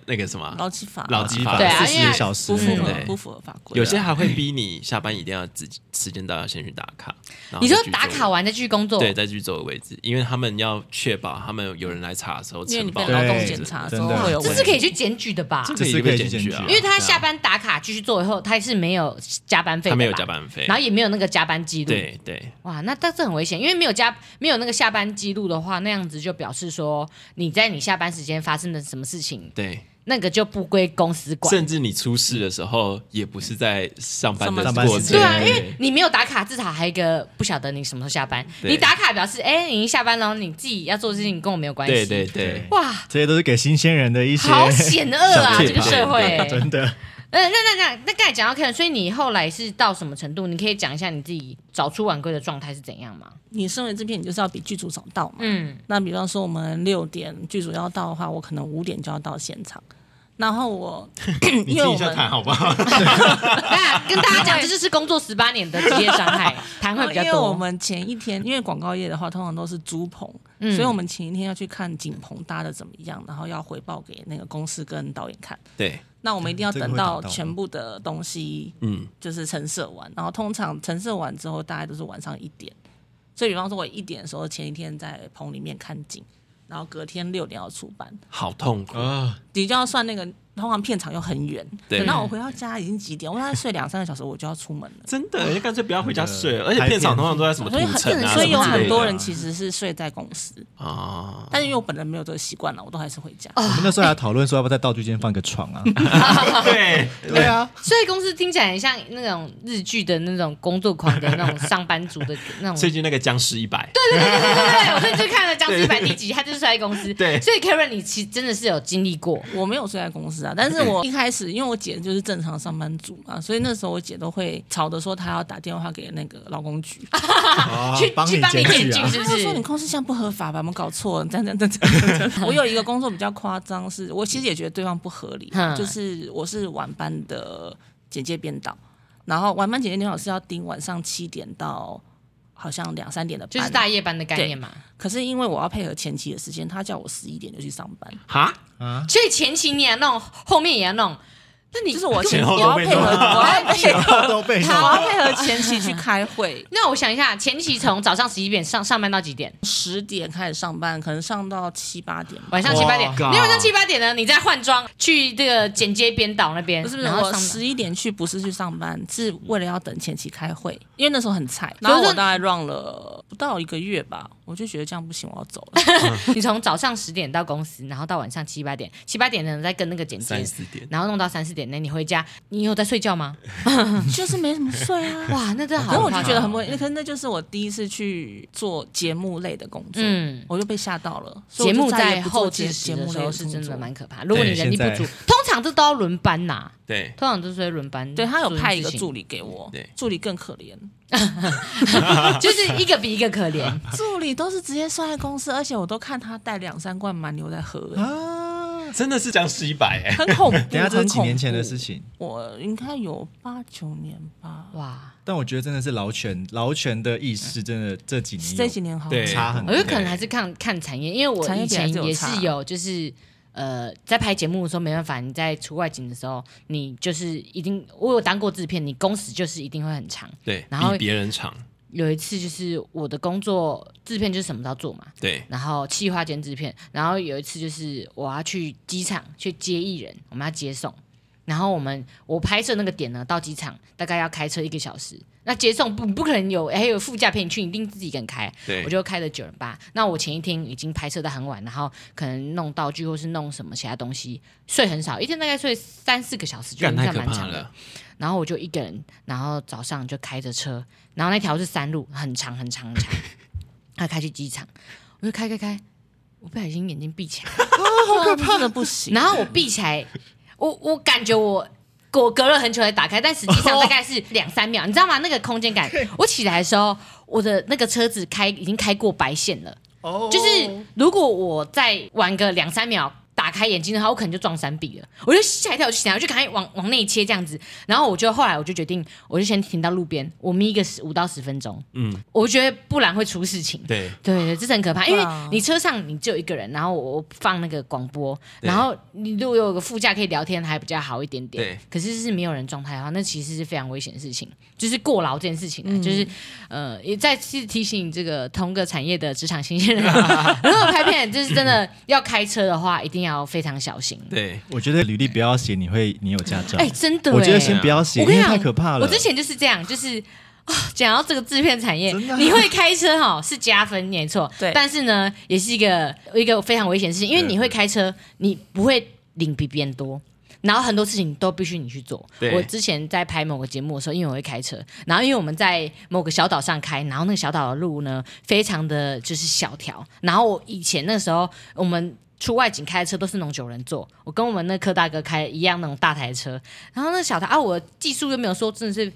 那個什麼勞基法，勞基法四十、啊、小時，不符合不符合法規。有些還會逼你下班一定要自己時間到，要先去打卡，你說打卡完再繼續工作，對，再繼續坐位置，因為他們要確保他們有人來查的時候，因為你被勞動檢查的時候，這，這是可以去檢舉的吧？這是可以檢舉啊，因為他下班打卡繼續做以後，他是沒有加班費，他沒有加班費，然後也沒有那個加班記錄，對對，哇，那但是很危險，因為沒有加沒有那個下班記錄的話，那樣子就表示說你在你下班時間發生了什麼事情，對。那個就不歸公司管，甚至你出事的時候也不是在上班的過程，上班時間，對，對啊，因為你沒有打卡，至少還有一個不曉得你什麼時候下班。你打卡表示，哎、欸，你已經下班了，然後你自己要做事情跟我沒有關係。對對對，哇，這些都是給新鮮人的一些，好險惡啊，這個社會、欸，真的。 那那那，那剛才講要看、okay，所以你後來是到什麼程度？你可以講一下你自己早出晚歸的狀態是怎樣嗎？你身為制片，你就是要比劇組早到嘛。嗯，那比方說我們六點劇組要到的話，我可能五點就要到現場。然後我， 因為我們你自己先談好不好？那、 啊、跟大家講， 這就是工作十八年的職業傷害，痰 會比較多。因為我們前一天，因為廣告業的話，通常都是租棚，嗯，所以我們前一天要去看景，棚搭得怎麼樣，然後要回報給那個公司跟導演看。對，那我們一定要等到全部的東西，嗯，就是陳設完，然後通常陳設完之後，大概都是晚上一點，所以比方說我一點的時候，前一天在棚裡面看景。然後隔天六點要出班，好痛苦啊！Uh. 你就要算那個。通常片場又很遠對，等到我回到家，家已經幾點？我再睡兩三個小時，我就要出門了。真的，你、啊、乾脆不要回家睡，了、啊。而且片場通常都在什麼、啊？所以很，所以有很多人其實是睡在公司啊，啊。但是因為我本人沒有這個習慣了，我都還是回家。啊、我們那時候還討論說要不要在道具間放一個床啊？啊 對對，對啊，所以公司聽起來很像那種日劇的那種工作狂的那種上班族的那種。最近那個殭屍一百，對，對對對對對對，我最近看了殭屍一百第幾集，他就睡在公司。對，所以 Karen，你其實真的是有經歷過，我沒有睡在公司、啊。但是我一開始，因為我姐就是正常上班族嘛，所以那時候我姐都會吵著說她要打電話給那個勞工局、啊、去幫、啊、你解決、啊，是不是說你公司這樣不合法，吧，我們搞錯了？這樣這樣這樣。這樣 我有一個工作比較誇張，是我其實也覺得對方不合理、嗯，就是我是晚班的簡介編導，然後晚班簡介編導，是要盯晚上七點到。好像兩三點的班，就是大夜班的概念嘛。可是因為我要配合前期的時間，他叫我十一點就去上班。哈，啊、所以前期你也要弄，後面也要弄。就是我前，前後都，你要，配是是前後都要配合，我要配合，我配合前期去開會。 那我想一下，前期從早上十一點上上班，到幾點？十點開始上班，可能上到七八點。晚上七八點，你晚上七八點呢？你再換裝去這個剪接編導那邊，不是不是？然後上我十一點去不是去上班，是為了要等前期開會，因為那時候很菜。然後我大概 run 了不到一個月吧，我就覺得這樣不行，我要走了。 你從早上十點到公司，然後到晚上七八點，七八點呢再跟那個剪接，3，然後弄到三四點。那你回家，你有在睡覺嗎、啊？就是沒什麼睡啊。 哇，那真好。啊、我就覺得很不……那可能那就是我第一次去做節目類的工作，嗯，我就被嚇到了。節目在，在，在後期的時候是真的蠻可怕的。如果你人力不足，通常這都要輪班吶、啊。對，通常都是在輪班、啊。對，對他有派一個助理給我，對助理更可憐， 就是一個比一個可憐。 助理都是直接睡在公司，而且我都看他帶兩三罐蠻牛在喝。啊真的是漲失敗，很恐怖。等下這是幾年前的事情，我應該有八九年吧。哇！但我覺得真的是勞權，勞權的意識真的這幾年這幾年好差很多。我覺得可能還是看看產業，因為我以前也是有，就是呃，在拍節目的時候，沒辦法。你在出外景的時候，你就是一定，我有當過製片，你工時就是一定會很長，對，然後比別人長。有一次就是我的工作製片，就是什麼都要做嘛，對，然後企劃兼製片，然後有一次就是我要去機場去接藝人，我們要接送。然後我們我拍攝那個點呢，到機場大概要開車一個小時。那接送不不可能有，還有副駕陪你去，你一定自己一個人開。我就開的九人巴。那我前一天已經拍攝到很晚，然後可能弄道具或是弄什麼其他東西，睡很少，一天大概睡三四個小時，就已經算蠻長的了。然後我就一個人，然後早上就開着車，然後那條是山路，很長很長很長，他 開去機場，我就開開開，我不小心眼睛閉起來， 哦好可怕、哦、的不行。 然後我閉起來。我我感覺我我隔了很久才打開，但實際上大概是兩三秒，oh. 你知道嗎？那個空間感，okay. 我起來的時候，我的那個車子開已經開過白線了，oh. 就是如果我再晚個兩三秒。打開眼睛的話，我可能就撞山壁了。我就嚇一跳，我就想要去趕快往往內切這樣子。然後我就後來我就決定，我就先停到路邊，我眯個十五到十分鐘。嗯，我覺得不然會出事情。對對，對對，這是很可怕，因為你車上你只有一個人，然後我放那個廣播，然後你如果有個副駕可以聊天，還比較好一點點。對，可是是沒有人狀態的話，那其實是非常危險的事情，就是過勞這件事情、啊嗯。就是呃，再次提醒這個同個產業的職場新鮮人好好好， 如果拍片就是真的、嗯、要開車的話，一定要。要非常小心。對，我覺得履歷不要寫你會你有駕照。哎、欸，真的、欸，我覺得先不要寫，因為太可怕了我。我之前就是這樣，就是啊，講、哦、到這個制片產業、啊，你會開車哈是加分也沒錯，對。但是呢，也是一個一個非常危險的事情，因為你會開車，你不會領比別人多，然後很多事情都必須你去做對。我之前在拍某個節目的時候，因為我會開車，然後因為我們在某個小島上開，然後那個小島的路呢非常的就是小條，然後我以前那時候我們。出外景開的車都是那種九人座，我跟我們那柯大哥開一樣那種大台車，然後那小台啊，我技術又沒有說真的是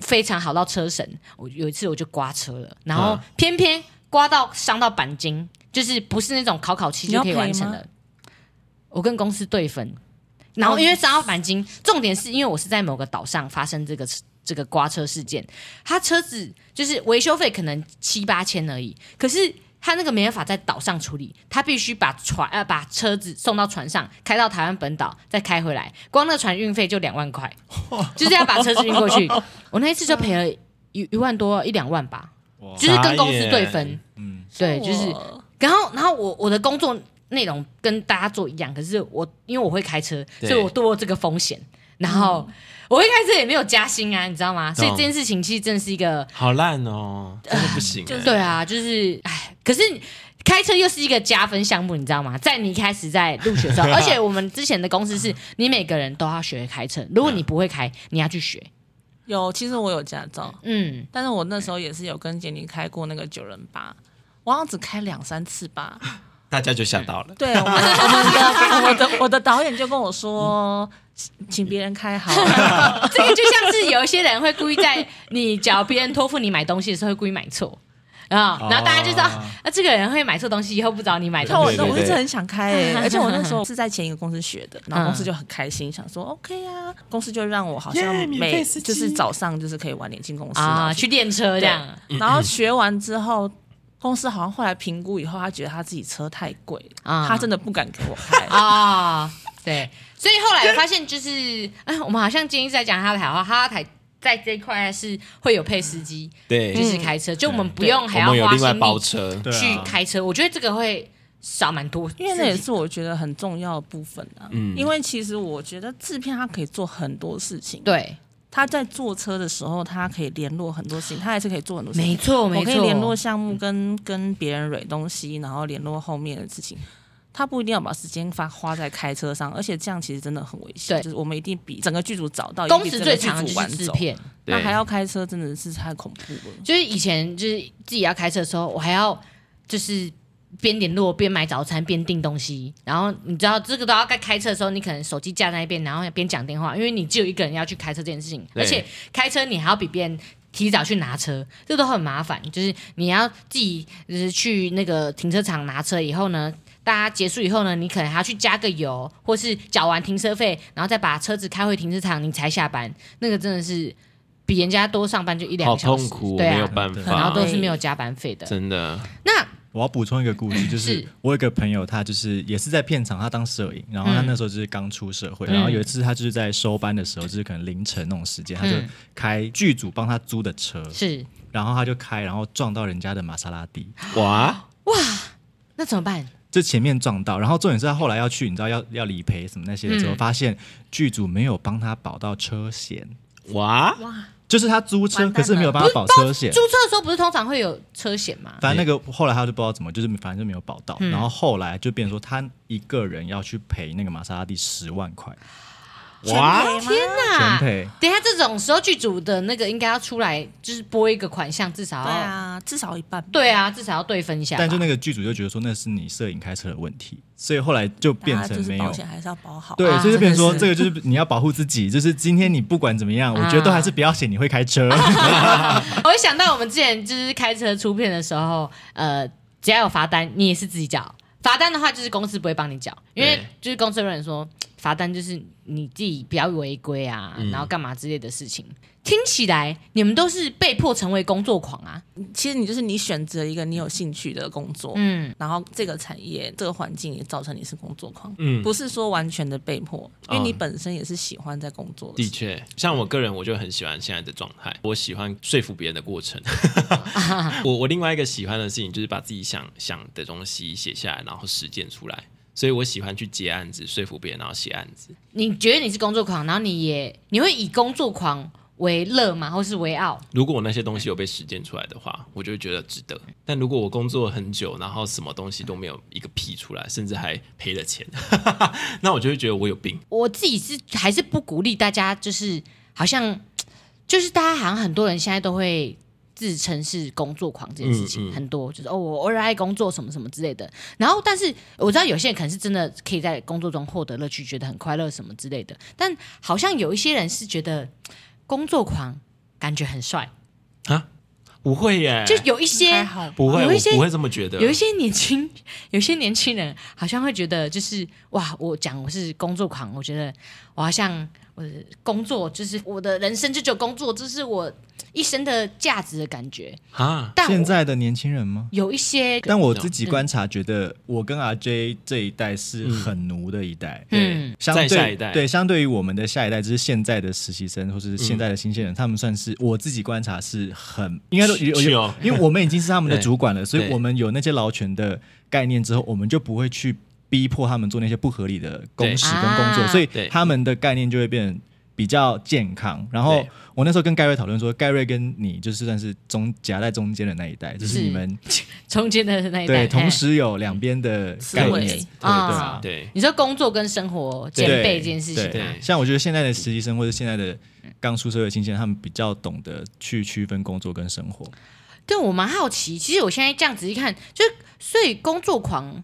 非常好到車神，我有一次我就刮車了，然後偏偏刮到傷到鈑金，就是不是那種烤烤漆就可以完成了。我跟公司對分，然後因為傷到鈑金，重點是因為我是在某個島上發生這個這個刮車事件，他車子就是維修費可能七八千而已，可是，他那個沒法在島上處理，他必須把船、啊、把車子送到船上，開到台灣本島，再開回來。光那船運費就兩萬塊，就是要把車子運過去。我那一次就賠了一一萬多，一兩萬吧，就是跟公司對分。嗯，對，就是。然後，然後我我的工作內容跟大家做一樣，可是我因為我會開車，所以我度過這個風險。然後。嗯我一開始也沒有加薪啊，你知道嗎、嗯？所以這件事情其實真的是一個好爛哦，真的不行、欸呃就是。對啊，就是哎，可是開車又是一個加分項目，你知道嗎？在你一開始在入學的時候， 而且我們之前的公司是 你每個人都要學開車，如果你不會開，你要去學。有，其實我有駕照，嗯，但是我那時候也是有跟傑尼開過那個九人巴，我好像只開兩三次吧。 大家就嚇到了。對，我的 我的我的導演就跟我說，請別人開好、啊， 這個就像是有一些人會故意在你叫別人托付你買東西的時候，故意買錯啊，然後大家就知道，哦啊、這個人會買錯東西，以後不找你買錯。我一直很想開，而且我那時候是在前一個公司學的，然後公司就很開心，嗯、想說 OK 啊，公司就讓我好像每 yeah, 就是早上就是可以晚點進公司啊，去練車這樣，然後學完之後。嗯嗯公司好像後來評估以後，他覺得他自己車太貴，啊，他真的不敢給我開啊。 對，所以後來發現就是， 哎，我們好像今天在講他的台話，他的台在這一塊是會有配司機，對，就是開車，就我們不用還要開另外包車，對去開車，我覺得這個會少蠻多，因為那也是我覺得很重要的部分啊。嗯，因為其實我覺得制片他可以做很多事情，對。他在坐車的時候，他可以聯絡很多事情，他還是可以做很多事情。沒錯，沒錯。我可以聯絡項目跟、嗯，跟跟別人蕊東西，然後聯絡後面的事情。他不一定要把時間發花在開車上，而且這樣其實真的很危險。對，就是我們一定比整個劇組找到。公司工資最長的是制片，那還要開車真的是太恐怖了。就是以前就是自己要開車的時候，我還要就是。邊點路邊買早餐，邊訂東西，然後你知道這個都要在開車的時候，你可能手機架在那邊，然後要邊講電話，因為你只有一個人要去開車這件事情，而且開車你還要比別人提早去拿車，這都很麻煩。就是你要自己就是去那個停車場拿車以後呢，大家結束以後呢，你可能還要去加個油，或是繳完停車費，然後再把車子開回停車場，你才下班。那個真的是比人家多上班就一兩小時，好痛苦。對啊，沒有辦法，對，然後都是沒有加班費的，真的那。我要補充一個故事，就是我有一個朋友，他就是也是在片場，他當攝影，然後他那時候就是剛出社會、嗯，然後有一次他就是在收班的時候，就是可能凌晨那種時間，嗯、他就開劇組幫他租的車，是，然後他就開，然後撞到人家的瑪莎拉蒂，哇哇，那怎麼辦？就前面撞到，然後重點是他後來要去，你知道要要理賠什麼那些，的時候、嗯，發現劇組沒有幫他保到車險，哇哇。就是他租車，可是沒有辦法保車險。租車的時候不是通常會有車險嗎？反正那個後來他就不知道怎麼，就是反正就沒有保到。嗯、然後後來就變成說他一個人要去賠那個瑪莎拉蒂十萬塊。哇！天啊，對呀。等一下這種時候，劇組的那個應該要出來，就是撥一個款項，至少要對啊，至少一半。對啊，至少要對分一下。但就那個劇組就覺得說，那是你攝影開車的問題，所以後來就變成沒有。啊就是、保險還是要保好。對，所以就變成說、啊，這個就是你要保護自己。就是今天你不管怎麼樣，我覺得都還是不要寫你會開車。啊、 我一想到我們之前就是開車出片的時候，呃，只要有罰單，你也是自己繳。罰單的話，就是公司不會幫你繳，因為就是公司會有人說。罰單就是你自己不要違規啊、嗯，然後幹嘛之類的事情。聽起來你們都是被迫成為工作狂啊。其實你就是你選擇一個你有興趣的工作，嗯，然後這個產業、這個環境也造成你是工作狂，嗯，不是說完全的被迫，因為你本身也是喜歡在工作的、嗯。的確，像我個人，我就很喜歡現在的狀態。我喜歡說服別人的過程。 啊、哈哈哈哈。我我另外一個喜歡的事情就是把自己想想的東西寫下來，然後實踐出來。所以，我喜歡去接案子，說服別人，然後寫案子。你覺得你是工作狂，然後你也你會以工作狂為樂嗎？或是為傲？如果我那些東西有被實踐出來的話、嗯，我就會覺得值得。但如果我工作很久，然後什麼東西都沒有一個屁出來，甚至還賠了錢， 那我就會覺得我有病。我自己是還是不鼓勵大家，就是好像就是大家好像很多人現在都會。自稱是工作狂這件事情、嗯嗯、很多，就是哦，我偶爾愛工作什麼什麼之類的。然後，但是我知道有些人可能是真的可以在工作中獲得樂趣，覺得很快樂什麼之類的。但好像有一些人是覺得工作狂感覺很帥啊？不會耶？就有一些不會，有一些，我不會這麼覺得。有一些年輕，有些年輕人好像會覺得，就是哇，我講我是工作狂，我覺得我好像我的工作就是我的人生，就只有工作，就是我，一生的價值的感覺啊！現在的年輕人嗎？有一些。但我自己觀察，覺得我跟 RJ 這一代是很奴的一代。嗯。在、嗯、下一代。對，相對於我們的下一代，就是現在的實習生或者是現在的新鮮人、嗯，他們算是我自己觀察，是很應該、哦、有。因為我們已經是他們的主管了，所以我們有那些勞權的概念之後，我們就不會去逼迫他們做那些不合理的工時跟工作，所以他們的概念就會變。比較健康。然後我那時候跟蓋瑞討論說，蓋瑞跟你就是算是中夾在中間的那一代，就是你們 中間的那一代，對，同時有兩邊的概念。啊、嗯哦，對。你說工作跟生活兼備這件事情對對，像我覺得現在的實習生或者現在的剛出社會的新鮮人，他們比較懂得去區分工作跟生活。對，我蠻好奇，其實我現在這樣子一看，就所以工作狂。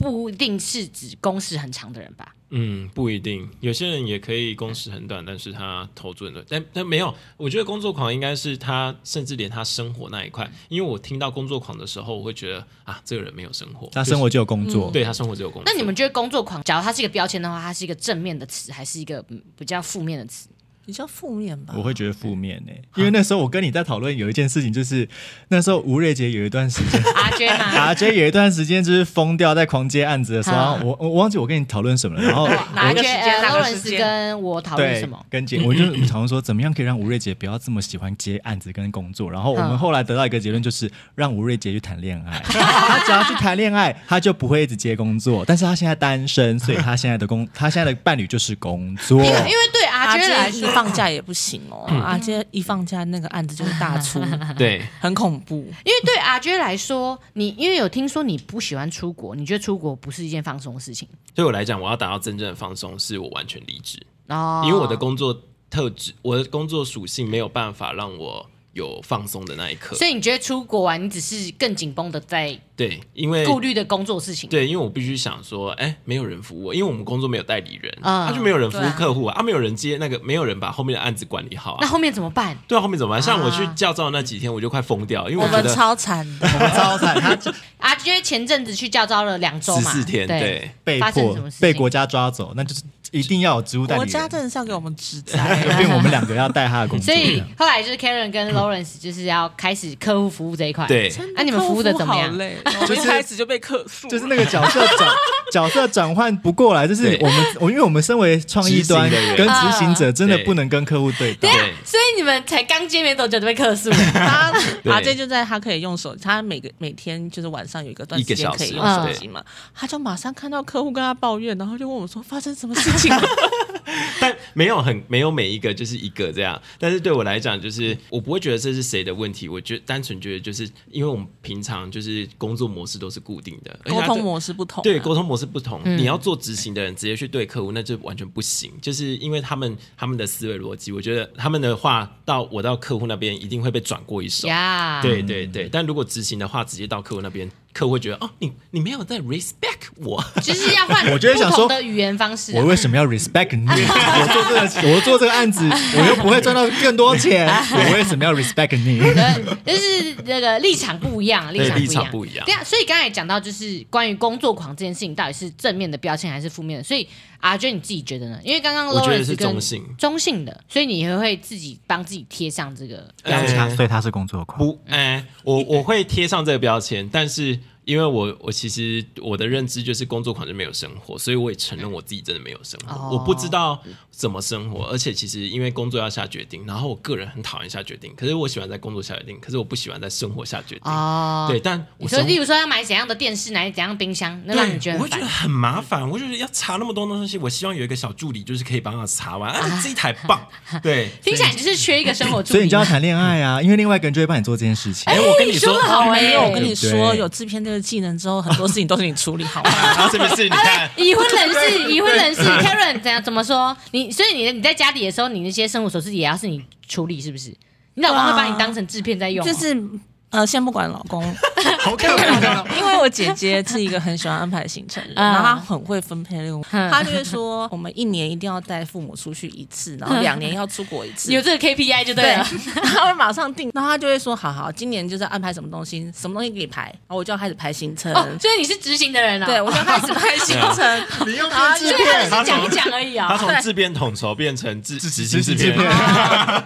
不一定是指工時很長的人吧？嗯，不一定，有些人也可以工時很短，嗯，但是他投注很短。但但沒有，我覺得工作狂應該是他，甚至連他生活那一塊，嗯，因為我聽到工作狂的時候，我會覺得啊，這個人沒有生活，他生活只有工作，就是嗯、對他生活只有工作。那你們覺得工作狂，假如他是一個標籤的話，他是一個正面的詞，還是一個比較負面的詞？比較負面吧，我會覺得負面呢、欸，因為那時候我跟你在討論有一件事情，就是那時候吳瑞杰有一段時間，阿 杰，阿杰有一段時間就是瘋掉在狂接案子的時候，我我忘記我跟你討論什麼了，然後哪一個時間，哪個時間跟我討論什麼？跟姐，我就討論、嗯、說怎麼樣可以讓吳瑞杰不要這麼喜歡接案子跟工作，然後我們後來得到一個結論，就是讓吳瑞杰去談戀愛， 他只要去談戀愛，他就不會一直接工作，但是他現在單身，所以他現在的工， 他現在的伴侶就是工作，因為，因為對阿杰來說。放假也不行哦，阿、嗯、杰、啊、一放假那個案子就是大出，對，很恐怖。因為對阿杰來說，你因為有聽說你不喜歡出國，你覺得出國不是一件放鬆的事情。對我來講，我要達到真正的放鬆，是我完全離職哦，因為我的工作特質，我的工作屬性沒有辦法讓我，有放鬆的那一刻，所以你覺得出國玩，你只是更緊繃的在對，因為顧慮的工作事情。對，因為我必須想說，哎、欸，沒有人服務，因為我們工作沒有代理人，他、嗯啊、就沒有人服務客戶啊，他、啊啊、沒有人接那個，沒有人把後面的案子管理好啊。那後面怎麼辦？對、啊、後面怎麼辦？啊、像我去教召那幾天，我就快瘋掉，因為我們超慘，我們超慘。他就、 啊、因為前陣子去教召了兩周嘛，十四天對，對，被迫發生什麼事被國家抓走，那就是。一定要有植物帶。我家真的是要給我們指導、啊， 因為我們兩個要帶他的工作。所以後來就是 Karen 跟 Lawrence 就是要開始客戶服務這一塊。對。那、啊、你們服務的怎麼樣？累。一開始就被客訴。就是那個角色轉 角色轉換不過來，就是我們我因為我們身為創意端跟執行者，真的不能跟客戶對對,對,、呃對,呃對,對。所以你們才剛見面多久就被客訴？他，啊，這就在他可以用手，他每個每天就是晚上有一個段時間可以用手機嘛、嗯，他就馬上看到客戶跟他抱怨，然後就問我說發生什麼事。 但沒有很沒有每一個就是一個這樣，但是對我來講，就是我不會覺得這是誰的問題，我覺單純覺得就是因為我們平常就是工作模式都是固定的，溝通模式不同啊，對溝通模式不同，你要做執行的人直接去對客戶，那就完全不行，就是因為他們他們的思維邏輯，我覺得他們的話到我到客戶那邊一定會被轉過一手，yeah. 對對對，但如果執行的話，直接到客戶那邊。可我會覺得哦，你你沒有在 respect 我，其、就、實、是、要換、啊、我覺得想說的語言方式，我為什麼要 respect 你？ 我做這個，我做這個案子，我又不會賺到更多錢， 我為什麼要 respect 你？就是那個立場不一樣，立場不一樣，對啊。所以剛才也講到，就是關於工作狂這件事情，到底是正面的標籤還是負面的？所以阿娟，你自己覺得呢？因為剛剛勞倫斯我覺得是中性，中性的，所以你會會自己幫自己貼上這個標籤、欸，所以他是工作狂。不，欸、我我會貼上這個標籤，但是。因為我我其實我的認知就是工作狂就沒有生活，所以我也承認我自己真的沒有生活，哦、我不知道。怎麼生活？而且其實因為工作要下決定，然後我個人很討厭下決定，可是我喜歡在工作下決定，可是我不喜歡在生活下決定。哦、啊。對，但我你說，例比如說要買怎樣的電視，買怎樣冰箱，那個、讓你覺得我會覺得很麻煩。我就是要查那麼多東西，我希望有一個小助理，就是可以幫我查完啊，啊而且這一台棒。啊、對。聽起來你就是缺一個生活助理。所以你就要談戀愛啊，因為另外一個人就會幫你做這件事情。哎、欸，我跟你說，說好因、欸、為我跟你說，有制片這個技能之後，很多事情都是你處理好了。的 啊，哈哈哈。你看，已婚人士，已婚人士，Karen 怎樣怎麼說你？所以你你在家裡的時候，你那些生活瑣事也要是你處理，是不是？你老公會把你當成制片在用？啊？就是，呃，先不管老公。 好看到，因為我姐姐是一個很喜歡安排行程的人，嗯、然後她很會分配任務，她就會說我們一年一定要帶父母出去一次，然後兩年要出國一次，嗯、有這個 K P I 就對了。她會馬上定，然後她就會說好好，今年就是安排什麼東西，什麼東西給你排，然後我就要開始排行程。哦、所以你是執行的人啊？對，我就要開始排行程。啊、你用自編講、啊、一講而已啊，從自編統籌變成自自己自己自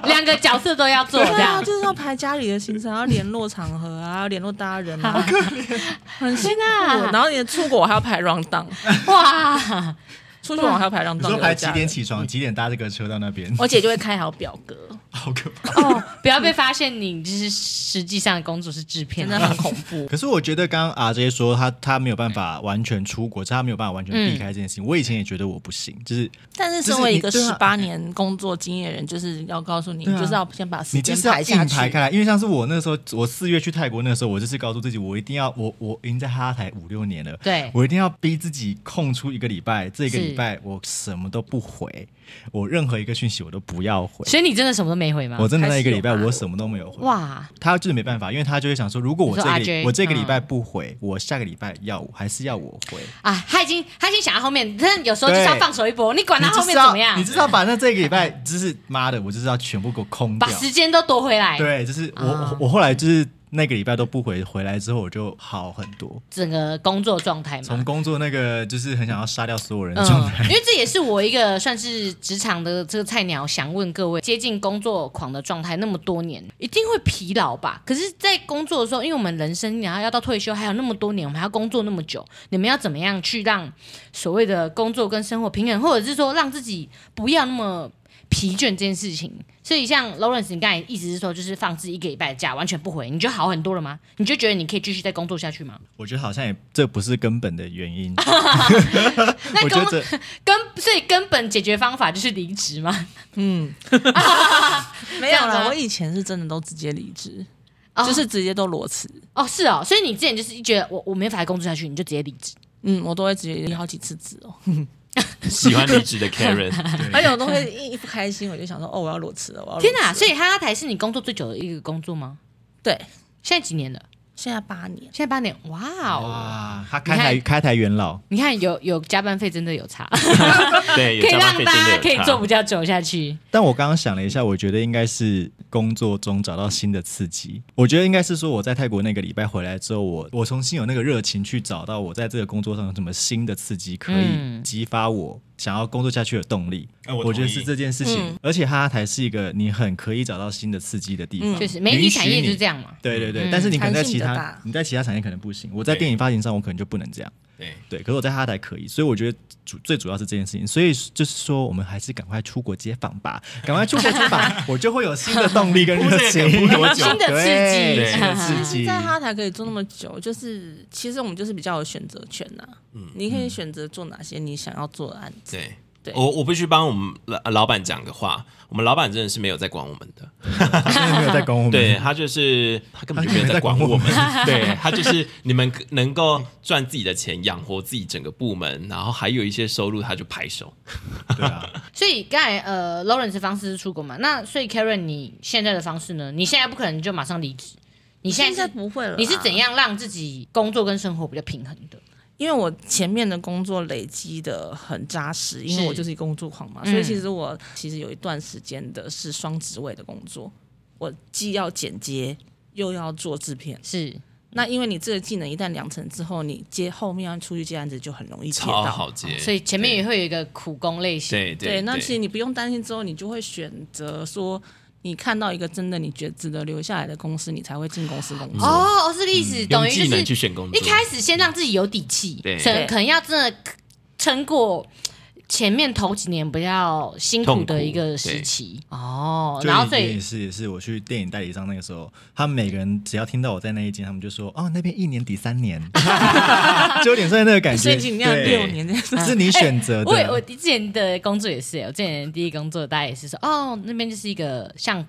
兩個角色都要做，對啊，就是要排家裡的行程，然後聯絡場合啊，聯絡搭。好可憐、啊， 很辛苦！然後你的出國我還要排 rundown， 哇！ 出去國我還要排 rundown，說排幾點起床， 幾點搭這個車到那邊， 我姐就會開好表格。好可怕哦、oh！ 不要被發現，你就是實際上的工作是製片，那 麼很恐怖。 可是我覺得，剛剛 RJ 說他他沒有辦法完全出國， 他沒有辦法完全避開這件事情、嗯。我以前也覺得我不行，就是。但是，身為一個十八年工作經驗的人， 就是要告訴你，啊、你就是要先把事情排開來。 因為像是我那時候，我四月去泰國那個時候，我就是告訴自己，我一定要，我我已經在哈台五六年了，對，我一定要逼自己空出一個禮拜，這個禮拜我什麼都不回。我任何一個訊息我都不要回，所以你真的什麼都沒回嗎？我真的那一個禮拜我什麼都沒有回。哇，他就是沒辦法，因為他就會想說，如果我這個 RJ, 我這個禮拜不回，嗯、我下個禮拜要還是要我回？啊，他已經他已經想到後面，真的有時候就是要放手一搏，你管他後面怎麼樣？你知道，反正這個禮拜就是媽的，我就是要全部給我空掉，把時間都奪回來。對，就是我、嗯、我後來就是。那個禮拜都不回，回來之後我就好很多，整個工作狀態嘛，從工作那個就是很想要殺掉所有人的狀態。嗯，因為這也是我一個算是職場的這個菜鳥。 想問各位，接近工作狂的狀態那麼多年，一定會疲勞吧？可是，在工作的時候，因為我們人生然後要,要到退休還有那麼多年，我們還要工作那麼久，你們要怎麼樣去讓所謂的工作跟生活平衡，或者是說讓自己不要那麼。疲倦這件事情，所以像 Lawrence，你剛才意思是說，就是放自己一個禮拜的假，完全不回，你就好很多了嗎？你就覺得你可以繼續再工作下去嗎？我覺得好像也這不是根本的原因。 那根根所以根本解決方法就是離職嗎？嗯，啊、 沒有了啦。 我以前是真的都直接離職，哦，就是直接都裸辭。哦，是哦。所以你之前就是一覺得我我沒法工作下去，你就直接離職。嗯，我都會直接離、嗯、好幾次職哦。 喜歡離職的 Karen，而且我都會一不開心，我就想說，哦，我要裸辭了，我要裸辭了。天哪！所以哈哈台是你工作最久的一個工作嗎？ 對，現在幾年了？現在八年，現在八年，哇哦！他開台、開台元老，你看有有加班費，真的有差， 對，有加班費真的有差，可以讓大家可以做比較久下去。但我剛剛想了一下，我覺得應該是工作中找到新的刺激。嗯、我覺得應該是說，我在泰國那個禮拜回來之後，我我重新有那個熱情去找到我在這個工作上有什麼新的刺激可以激發我。嗯想要工作下去的動力，啊、我，我覺得是這件事情。嗯、而且哈哈台是一個你很可以找到新的刺激的地方，就是媒體產業就是這樣嘛。對對對、嗯，但是你可能在其他你在其他產業可能不行。我在電影發行商，我可能就不能這樣。對對，可是我在哈台可以，所以我覺得主最主要是這件事情，所以就是說，我們還是趕快出國街訪吧，趕快出國街訪， 我就會有新的動力跟熱情， 新的刺激。對對，新的刺激對 在哈台可以做那麼久，就是其實我們就是比較有選擇權吶、啊，嗯，你可以選擇做哪些你想要做的案子。對我我必須幫我們老老闆講個話，我們老闆真的是沒有在管我們的， 他真的沒有在管我們。 對他就是他根本就沒有在管我們，對他就是你們能夠賺自己的錢養活自己整個部門，然後還有一些收入他就拍手， 對啊。所以剛才呃 Lawrence 的方式是出國嘛，那所以 Karen 你現在的方式呢？你現在不可能就馬上離職，你現在，現在不會了啊，你是怎樣讓自己工作跟生活比較平衡的？因為我前面的工作累積得很扎實，因為我就是一工作狂嘛，嗯、所以其實我其實有一段時間的是雙職位的工作，我既要剪接又要做制片，是那因為你這個技能一旦量成之後，你接後面要出去接案子就很容易超好接到，所以前面也會有一個苦工類型，對對，對，對，對，那其實你不用擔心，之後你就會選擇說。你看到一個真的你覺得值得留下來的公司，你才會進公司工作。嗯、哦，是這個意思，嗯、等於就是一開始先讓自己有底氣，嗯、對，可能要真的撐過。前面頭幾年比較辛苦的一個時期哦，然後所以，也是也是我去電影代理商那個時候，他們每個人只要聽到我在那一間，他們就說哦，那邊一年抵三年， 就有點像那個感覺。所、 啊、是你選擇的、欸。我我之前的工作也是，我之前的第一工作大家也是說哦那邊就是一個像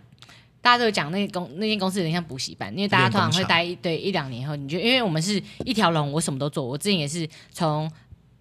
大家都有講那公那間公司有點像補習班，因為大家通常會待一對一兩年後，你就因為我們是一條龍，我什麼都做。我之前也是從。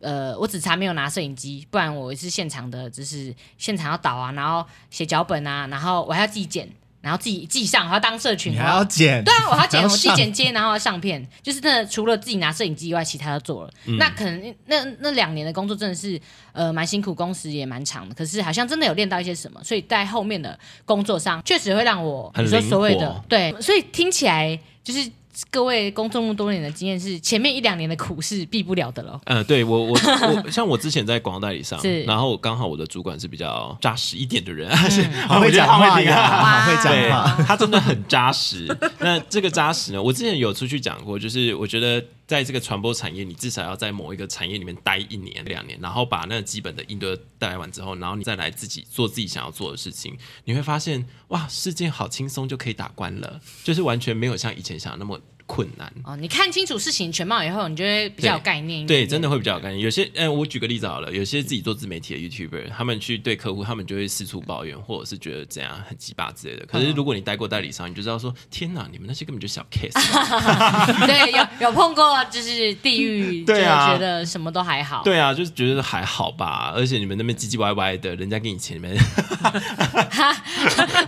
呃，我只差沒有拿攝影機，不然我是現場的，就是現場要導啊，然後寫腳本啊，然後我還要自己剪，然後自己自己上，然後當社群好不好，還要剪，對啊，我還要剪，還要我自己剪接，然後要上片，就是那除了自己拿攝影機以外，其他都做了。嗯、那可能那那兩年的工作真的是呃蠻辛苦，工時也蠻長的，可是好像真的有練到一些什麼，所以在後面的工作上確實會讓我很你說所謂的對，所以聽起來就是。各位工作那麼多年的經驗是，前面一兩年的苦是避不了的嘍。嗯，對我我 我像我之前在廣告代理商，然後剛好我的主管是比較扎實一點的人，他、嗯、是、哦、好會講話，好會講話，他真的很扎實。 那這個扎實呢，我之前有出去講過，就是我覺得。在這個傳播產業，你至少要在某一個產業裡面待一年兩年，然後把那基本的應對帶來完之後，然後你再來自己做自己想要做的事情，你會發現，哇，世界好輕鬆就可以打關了，就是完全沒有像以前想的那麼。困難哦！你看清楚事情全貌以後，你就會比較有概念，對有。對，真的會比較有概念。有些、哎，我舉個例子好了。有些自己做自媒體的 YouTuber，他們去對客戶，他們就會四處抱怨，或者是覺得怎樣很雞巴之類的。可是如果你帶過代理商，你就知道說，天哪，你們那些根本就小 case。 對，有有碰過就是地獄。對、啊、就覺得什麼都還好。對啊，就是覺得還好吧。而且你們那邊唧唧歪歪的，人家給你錢面，你 們。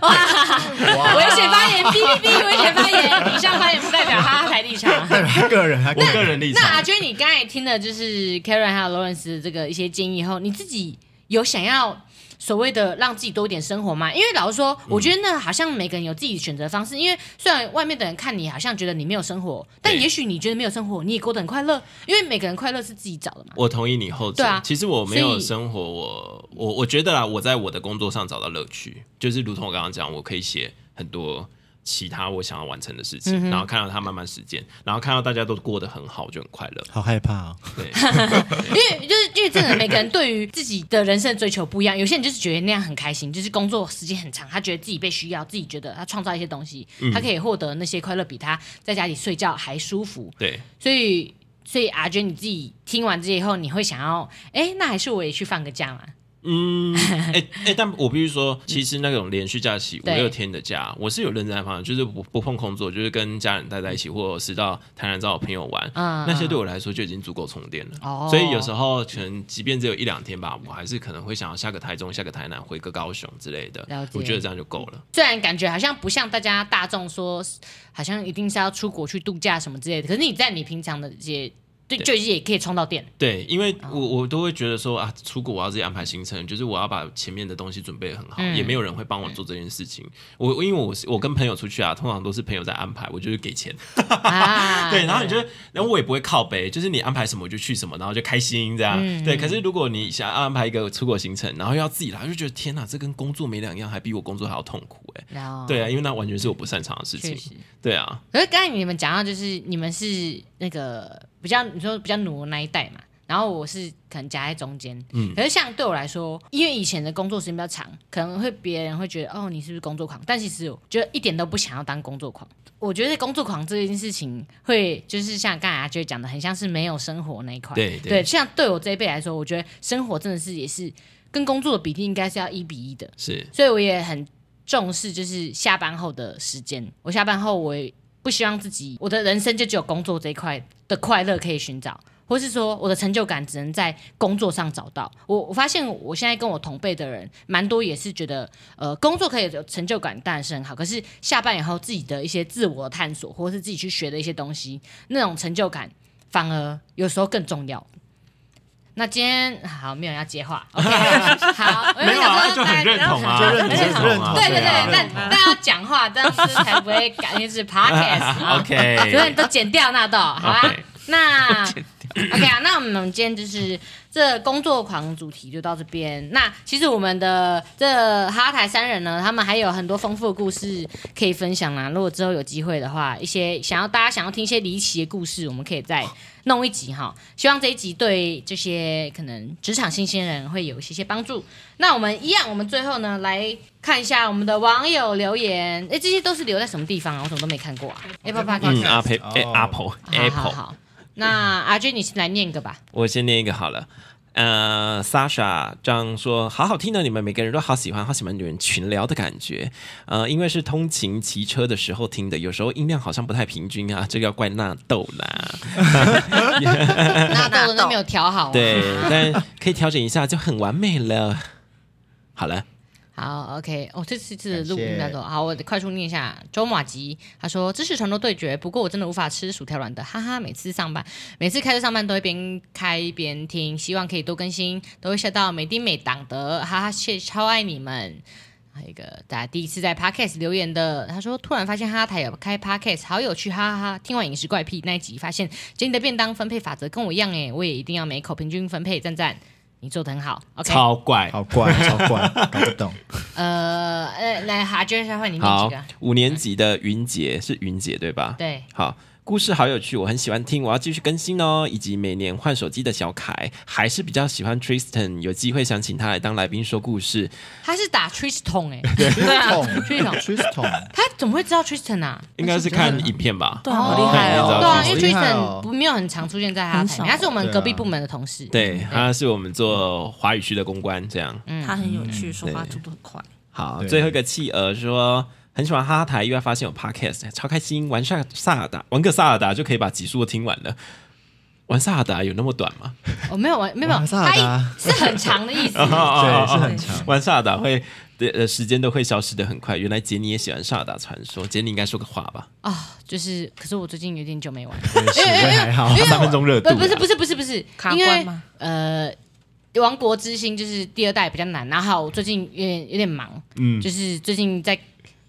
哇！危險發言，嗶嗶嗶！危險發言，以、啊、上發言不代表。他台立場， 他個人啊，我個人立場。 那阿娟，你剛才聽了就是 Karen 和 Lawrence 這個一些建議以後，你自己有想要所謂的讓自己多一點生活嗎？因為老實說，我覺得那好像每個人有自己選擇的方式。因為雖然外面的人看你好像覺得你沒有生活，但也許你覺得沒有生活，你也過得很快樂。因為每個人快樂是自己找的嘛。我同意你後。對啊，其實我沒有生活，我我我覺得啦，我在我的工作上找到樂趣，就是如同我剛剛講，我可以寫很多。其他我想要完成的事情，嗯、然後看到他慢慢實踐，然後看到大家都過得很好，就很快樂。好害怕啊、哦！對， 對 對 因為就是因為真的每個人對於自己的人生的追求不一樣，有些人就是覺得那樣很開心，就是工作時間很長，他覺得自己被需要，自己覺得他創造一些東西，嗯、他可以獲得那些快樂，比他在家裡睡覺還舒服。對，所以所以阿娟，你自己聽完這些以後，你會想要，哎，那還是我也去放個假嘛。嗯，哎、欸、哎、欸，但我必須說，其實那種連續假期五六天的假，我是有認真的方案，就是不不碰工作，就是跟家人待在一起，或者是到台南找我朋友玩。嗯嗯，那些對我來說就已經足夠充電了。哦。所以有時候可能即便只有一兩天吧，我還是可能會想要下個台中、下個台南、回個高雄之類的。我覺得這樣就夠了。雖然感覺好像不像大家大眾說，好像一定是要出國去度假什麼之類的，可是你在你平常的這些。對，就是也可以充到電。對，因為我我都會覺得說啊，出國我要自己安排行程，就是我要把前面的東西準備得很好、嗯，也沒有人會幫我做這件事情。我因為我我跟朋友出去啊，通常都是朋友在安排，我就是給錢。 啊、對，然後你覺得，然後我也不會靠北，就是你安排什麼我就去什麼，然後就開心這樣。嗯、對，可是如果你想要安排一個出國行程，然後要自己來，就覺得天哪、啊，這跟工作沒兩樣，還比我工作還要痛苦哎、欸。對啊，因為那完全是我不擅長的事情。對，對啊。可是剛才你們講到，就是你們是那個。比較，你說比較努的那一代嘛，然後我是可能夾在中間，嗯，可是像對我來說，因為以前的工作時間比較長，可能會別人會覺得哦，你是不是工作狂？但其實我覺得一點都不想要當工作狂。我覺得工作狂這件事情，會就是像剛才阿 J 講的，很像是沒有生活那一塊，對對，對。像對我這一輩來說，我覺得生活真的是也是跟工作的比例應該是要一比一的，是。所以我也很重視，就是下班後的時間。我下班後我也不希望自己，我的人生就只有工作這一塊的快樂可以尋找，或是說我的成就感只能在工作上找到。我我發現我現在跟我同輩的人蠻多也是覺得，呃，工作可以有成就感，當然是很好，可是下班以後自己的一些自我探索，或是自己去學的一些東西，那種成就感反而有時候更重要。那今天好，沒有人要接話，OK？ 好，好，沒有想、啊、講，大家認同、啊，就認同、啊認同啊，對對對，啊對啊、但大家講話、這 樣才不會感覺是 podcast，OK？ 啊 okay, 所、啊、以都剪掉那道，okay, 好吧？Okay, 那 OK 啊，那我們今天就是。這工作狂主題就到這邊。那其實我們的這哈台三忍呢，他們還有很多豐富的故事可以分享啦、啊。如果之後有機會的話，一些想要大家想要聽一些離奇的故事，我們可以再弄一集哈。希望這一集對這些可能職場新鮮人會有一些些幫助。那我們一樣，我們最後呢，來看一下我們的網友留言。哎，這些都是留在什麼地方啊？我怎麼都沒看過啊？Apple Park。嗯，阿呸，Apple。Apple、oh. 好，好，好，好。那阿娟，你先來念一個吧。我先念一個好了。呃、uh,，Sasha 這樣說，好好聽的。你們每個人都好喜歡，好喜歡你們群聊的感覺。呃、uh,，因為是通勤騎車的時候聽的，有時候音量好像不太平均啊，這個要怪納豆啦。納 豆都，都沒有調好，啊，對，但可以調整一下，就很完美了。好了。好，OK，哦、oh，這次次錄，那都好，我快速念一下。周麻吉他說知識傳播對決，不過我真的無法吃薯條軟的，哈哈。每次上班，每次開車上班都會邊開邊聽，希望可以多更新，都會笑到美丁美當的，哈哈，謝、謝，超愛你們。還有一個大家第一次在 podcast 留言的，他說突然發現哈哈台有開 podcast，好有趣，哈哈哈。聽完飲食怪癖那一集，發現傑尼的便當分配法則跟我一樣，誒，我也一定要每口平均分配，讚讚。做得很好、Okay? 超怪，好怪， 超怪，搞不懂。 呃呃，來好，接下來你、啊、好，五年級的雲杰、嗯、是雲杰對吧？對，好。故事好有趣，我很喜歡聽，我要繼續更新哦。以及每年換手機的小凱還是比較喜歡 Tristan，有機會想請他來當來賓說故事。他是打 Tristan 哎、欸， 對啊 ，Tristan，Tristan， 他怎麼會知道 Tristan 啊？應該是看影片吧。啊、對，好、哦、厲害,、啊嗯厲害啊、哦、嗯，對啊，因為 Tristan 不、哦、沒有很常出現在他台面，他是我們隔壁部門的同事。對,、啊對，他是我們做華語區的公關這樣。嗯，他很有趣，說話速度很快。好，最後一個企鵝說。很喜歡哈哈台，意外發現有 podcast，、欸、超開心！玩下薩爾達，玩個薩爾達就可以把集數都聽完了。玩薩爾達有那麼短嗎？哦，沒有玩，沒有沒有，薩爾達是很長的意思， 哦哦哦、對，對，是很長。哦、玩薩爾達會，呃，時間都會消失的很快。原來傑尼也喜歡薩爾達傳說，傑尼應該說個話吧？啊、哦，就是，可是我最近有點久沒玩，沒事、欸欸欸，還好，三分鐘熱度，不是，不是，不是，不是，卡關嗎？呃，王國之心就是第二代比較難，然後我最近有點有點忙，嗯，就是最近在。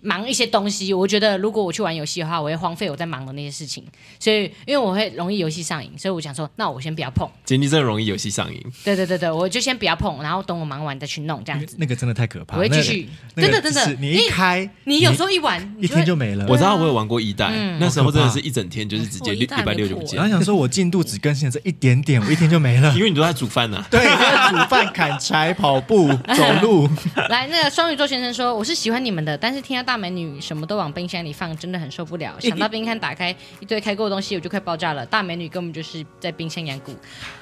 忙一些東西，我覺得如果我去玩遊戲的話，我會荒廢我在忙的那些事情。所以，因為我會容易遊戲上癮，所以我想說，那我先不要碰。今天真的容易遊戲上癮。對對對對，我就先不要碰，然後等我忙完再去弄這樣子。嗯。那個真的太可怕。我會繼續，真的真的。你一開，你，你有時候一玩一,一天就沒了。我知道我有玩過一代，那時候真的是一整天就是直接 6, 禮拜六就不見，我想說，我進度只更新了這一點點，我一天就沒了。 因為你都在煮飯呢、啊，對，就是、煮飯、 砍柴、跑步、走路。 來，那個雙魚座先生說，我是喜歡你們的，但是聽到大。大美女什麼都往冰箱裡放，真的很受不了。 想到冰箱打開一堆開過的東西，我就快爆炸了。大美女根本就是在冰箱養蠱。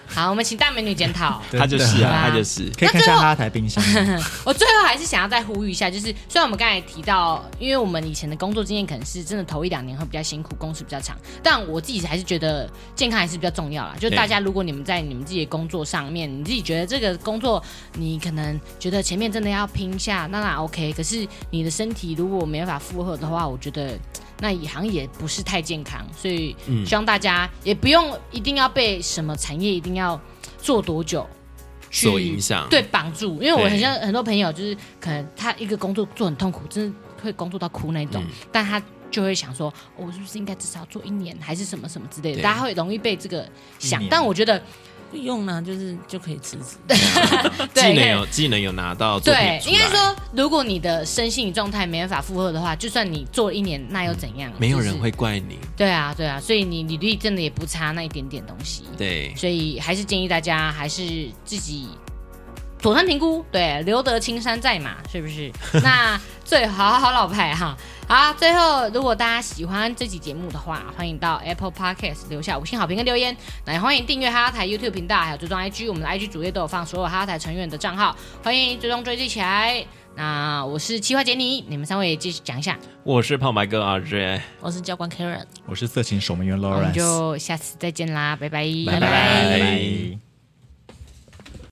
好，我們請大美女檢討，她 就是啊，她、就是、就是。可以看一下她台冰箱，那最後，呵呵，我最後還是想要再呼籲一下，就是雖然我們剛才提到，因為我們以前的工作經驗可能是真的頭一兩年會比較辛苦，工時比較長，但我自己還是覺得健康還是比較重要啦。就大家如果你們在你們自己的工作上面，欸、你自己覺得這個工作你可能覺得前面真的要拼一下，那那 OK，可是你的身體如果沒辦法負荷的話、嗯，我覺得那也好像也不是太健康，所以希望大家也不用一定要被什麼產業一定。要做多久？受影響？對，綁住。因為我很像很多朋友，就是可能他一個工作做很痛苦，真的會工作到哭那種，嗯、但他就會想說，哦、我是不是應該至少做一年，還是什麼什麼之類的？大家會容易被這個想，但我覺得。用呢、啊，就是就可以辭職。 對 技能有，技能有拿到。對，應該說，如果你的身心狀態沒辦法負荷的話，就算你做了一年，那又怎樣，嗯就是？沒有人會怪你。對啊，對啊，所以你履歷真的也不差那一點點東西。對，所以還是建議大家還是自己妥善評估。對，留得青山在嘛，是不是？ 那。最好好老派哈，好，最後如果大家喜歡這集節目的話，歡迎到 Apple Podcast 留下五星好評跟留言，那也歡迎訂閱哈哈台 YouTube 頻道，還有追蹤 IG，我們的 IG 主頁都有放所有哈哈台成員的賬號歡迎追蹤追劇起來。那我是企劃杰尼，你們三位繼續講一下。我是旁白哥 RJ，我是教官 Karen，我是色情守門員 Lawrence，啊、就下次再見啦，拜、拜，拜拜，拜拜。拜拜。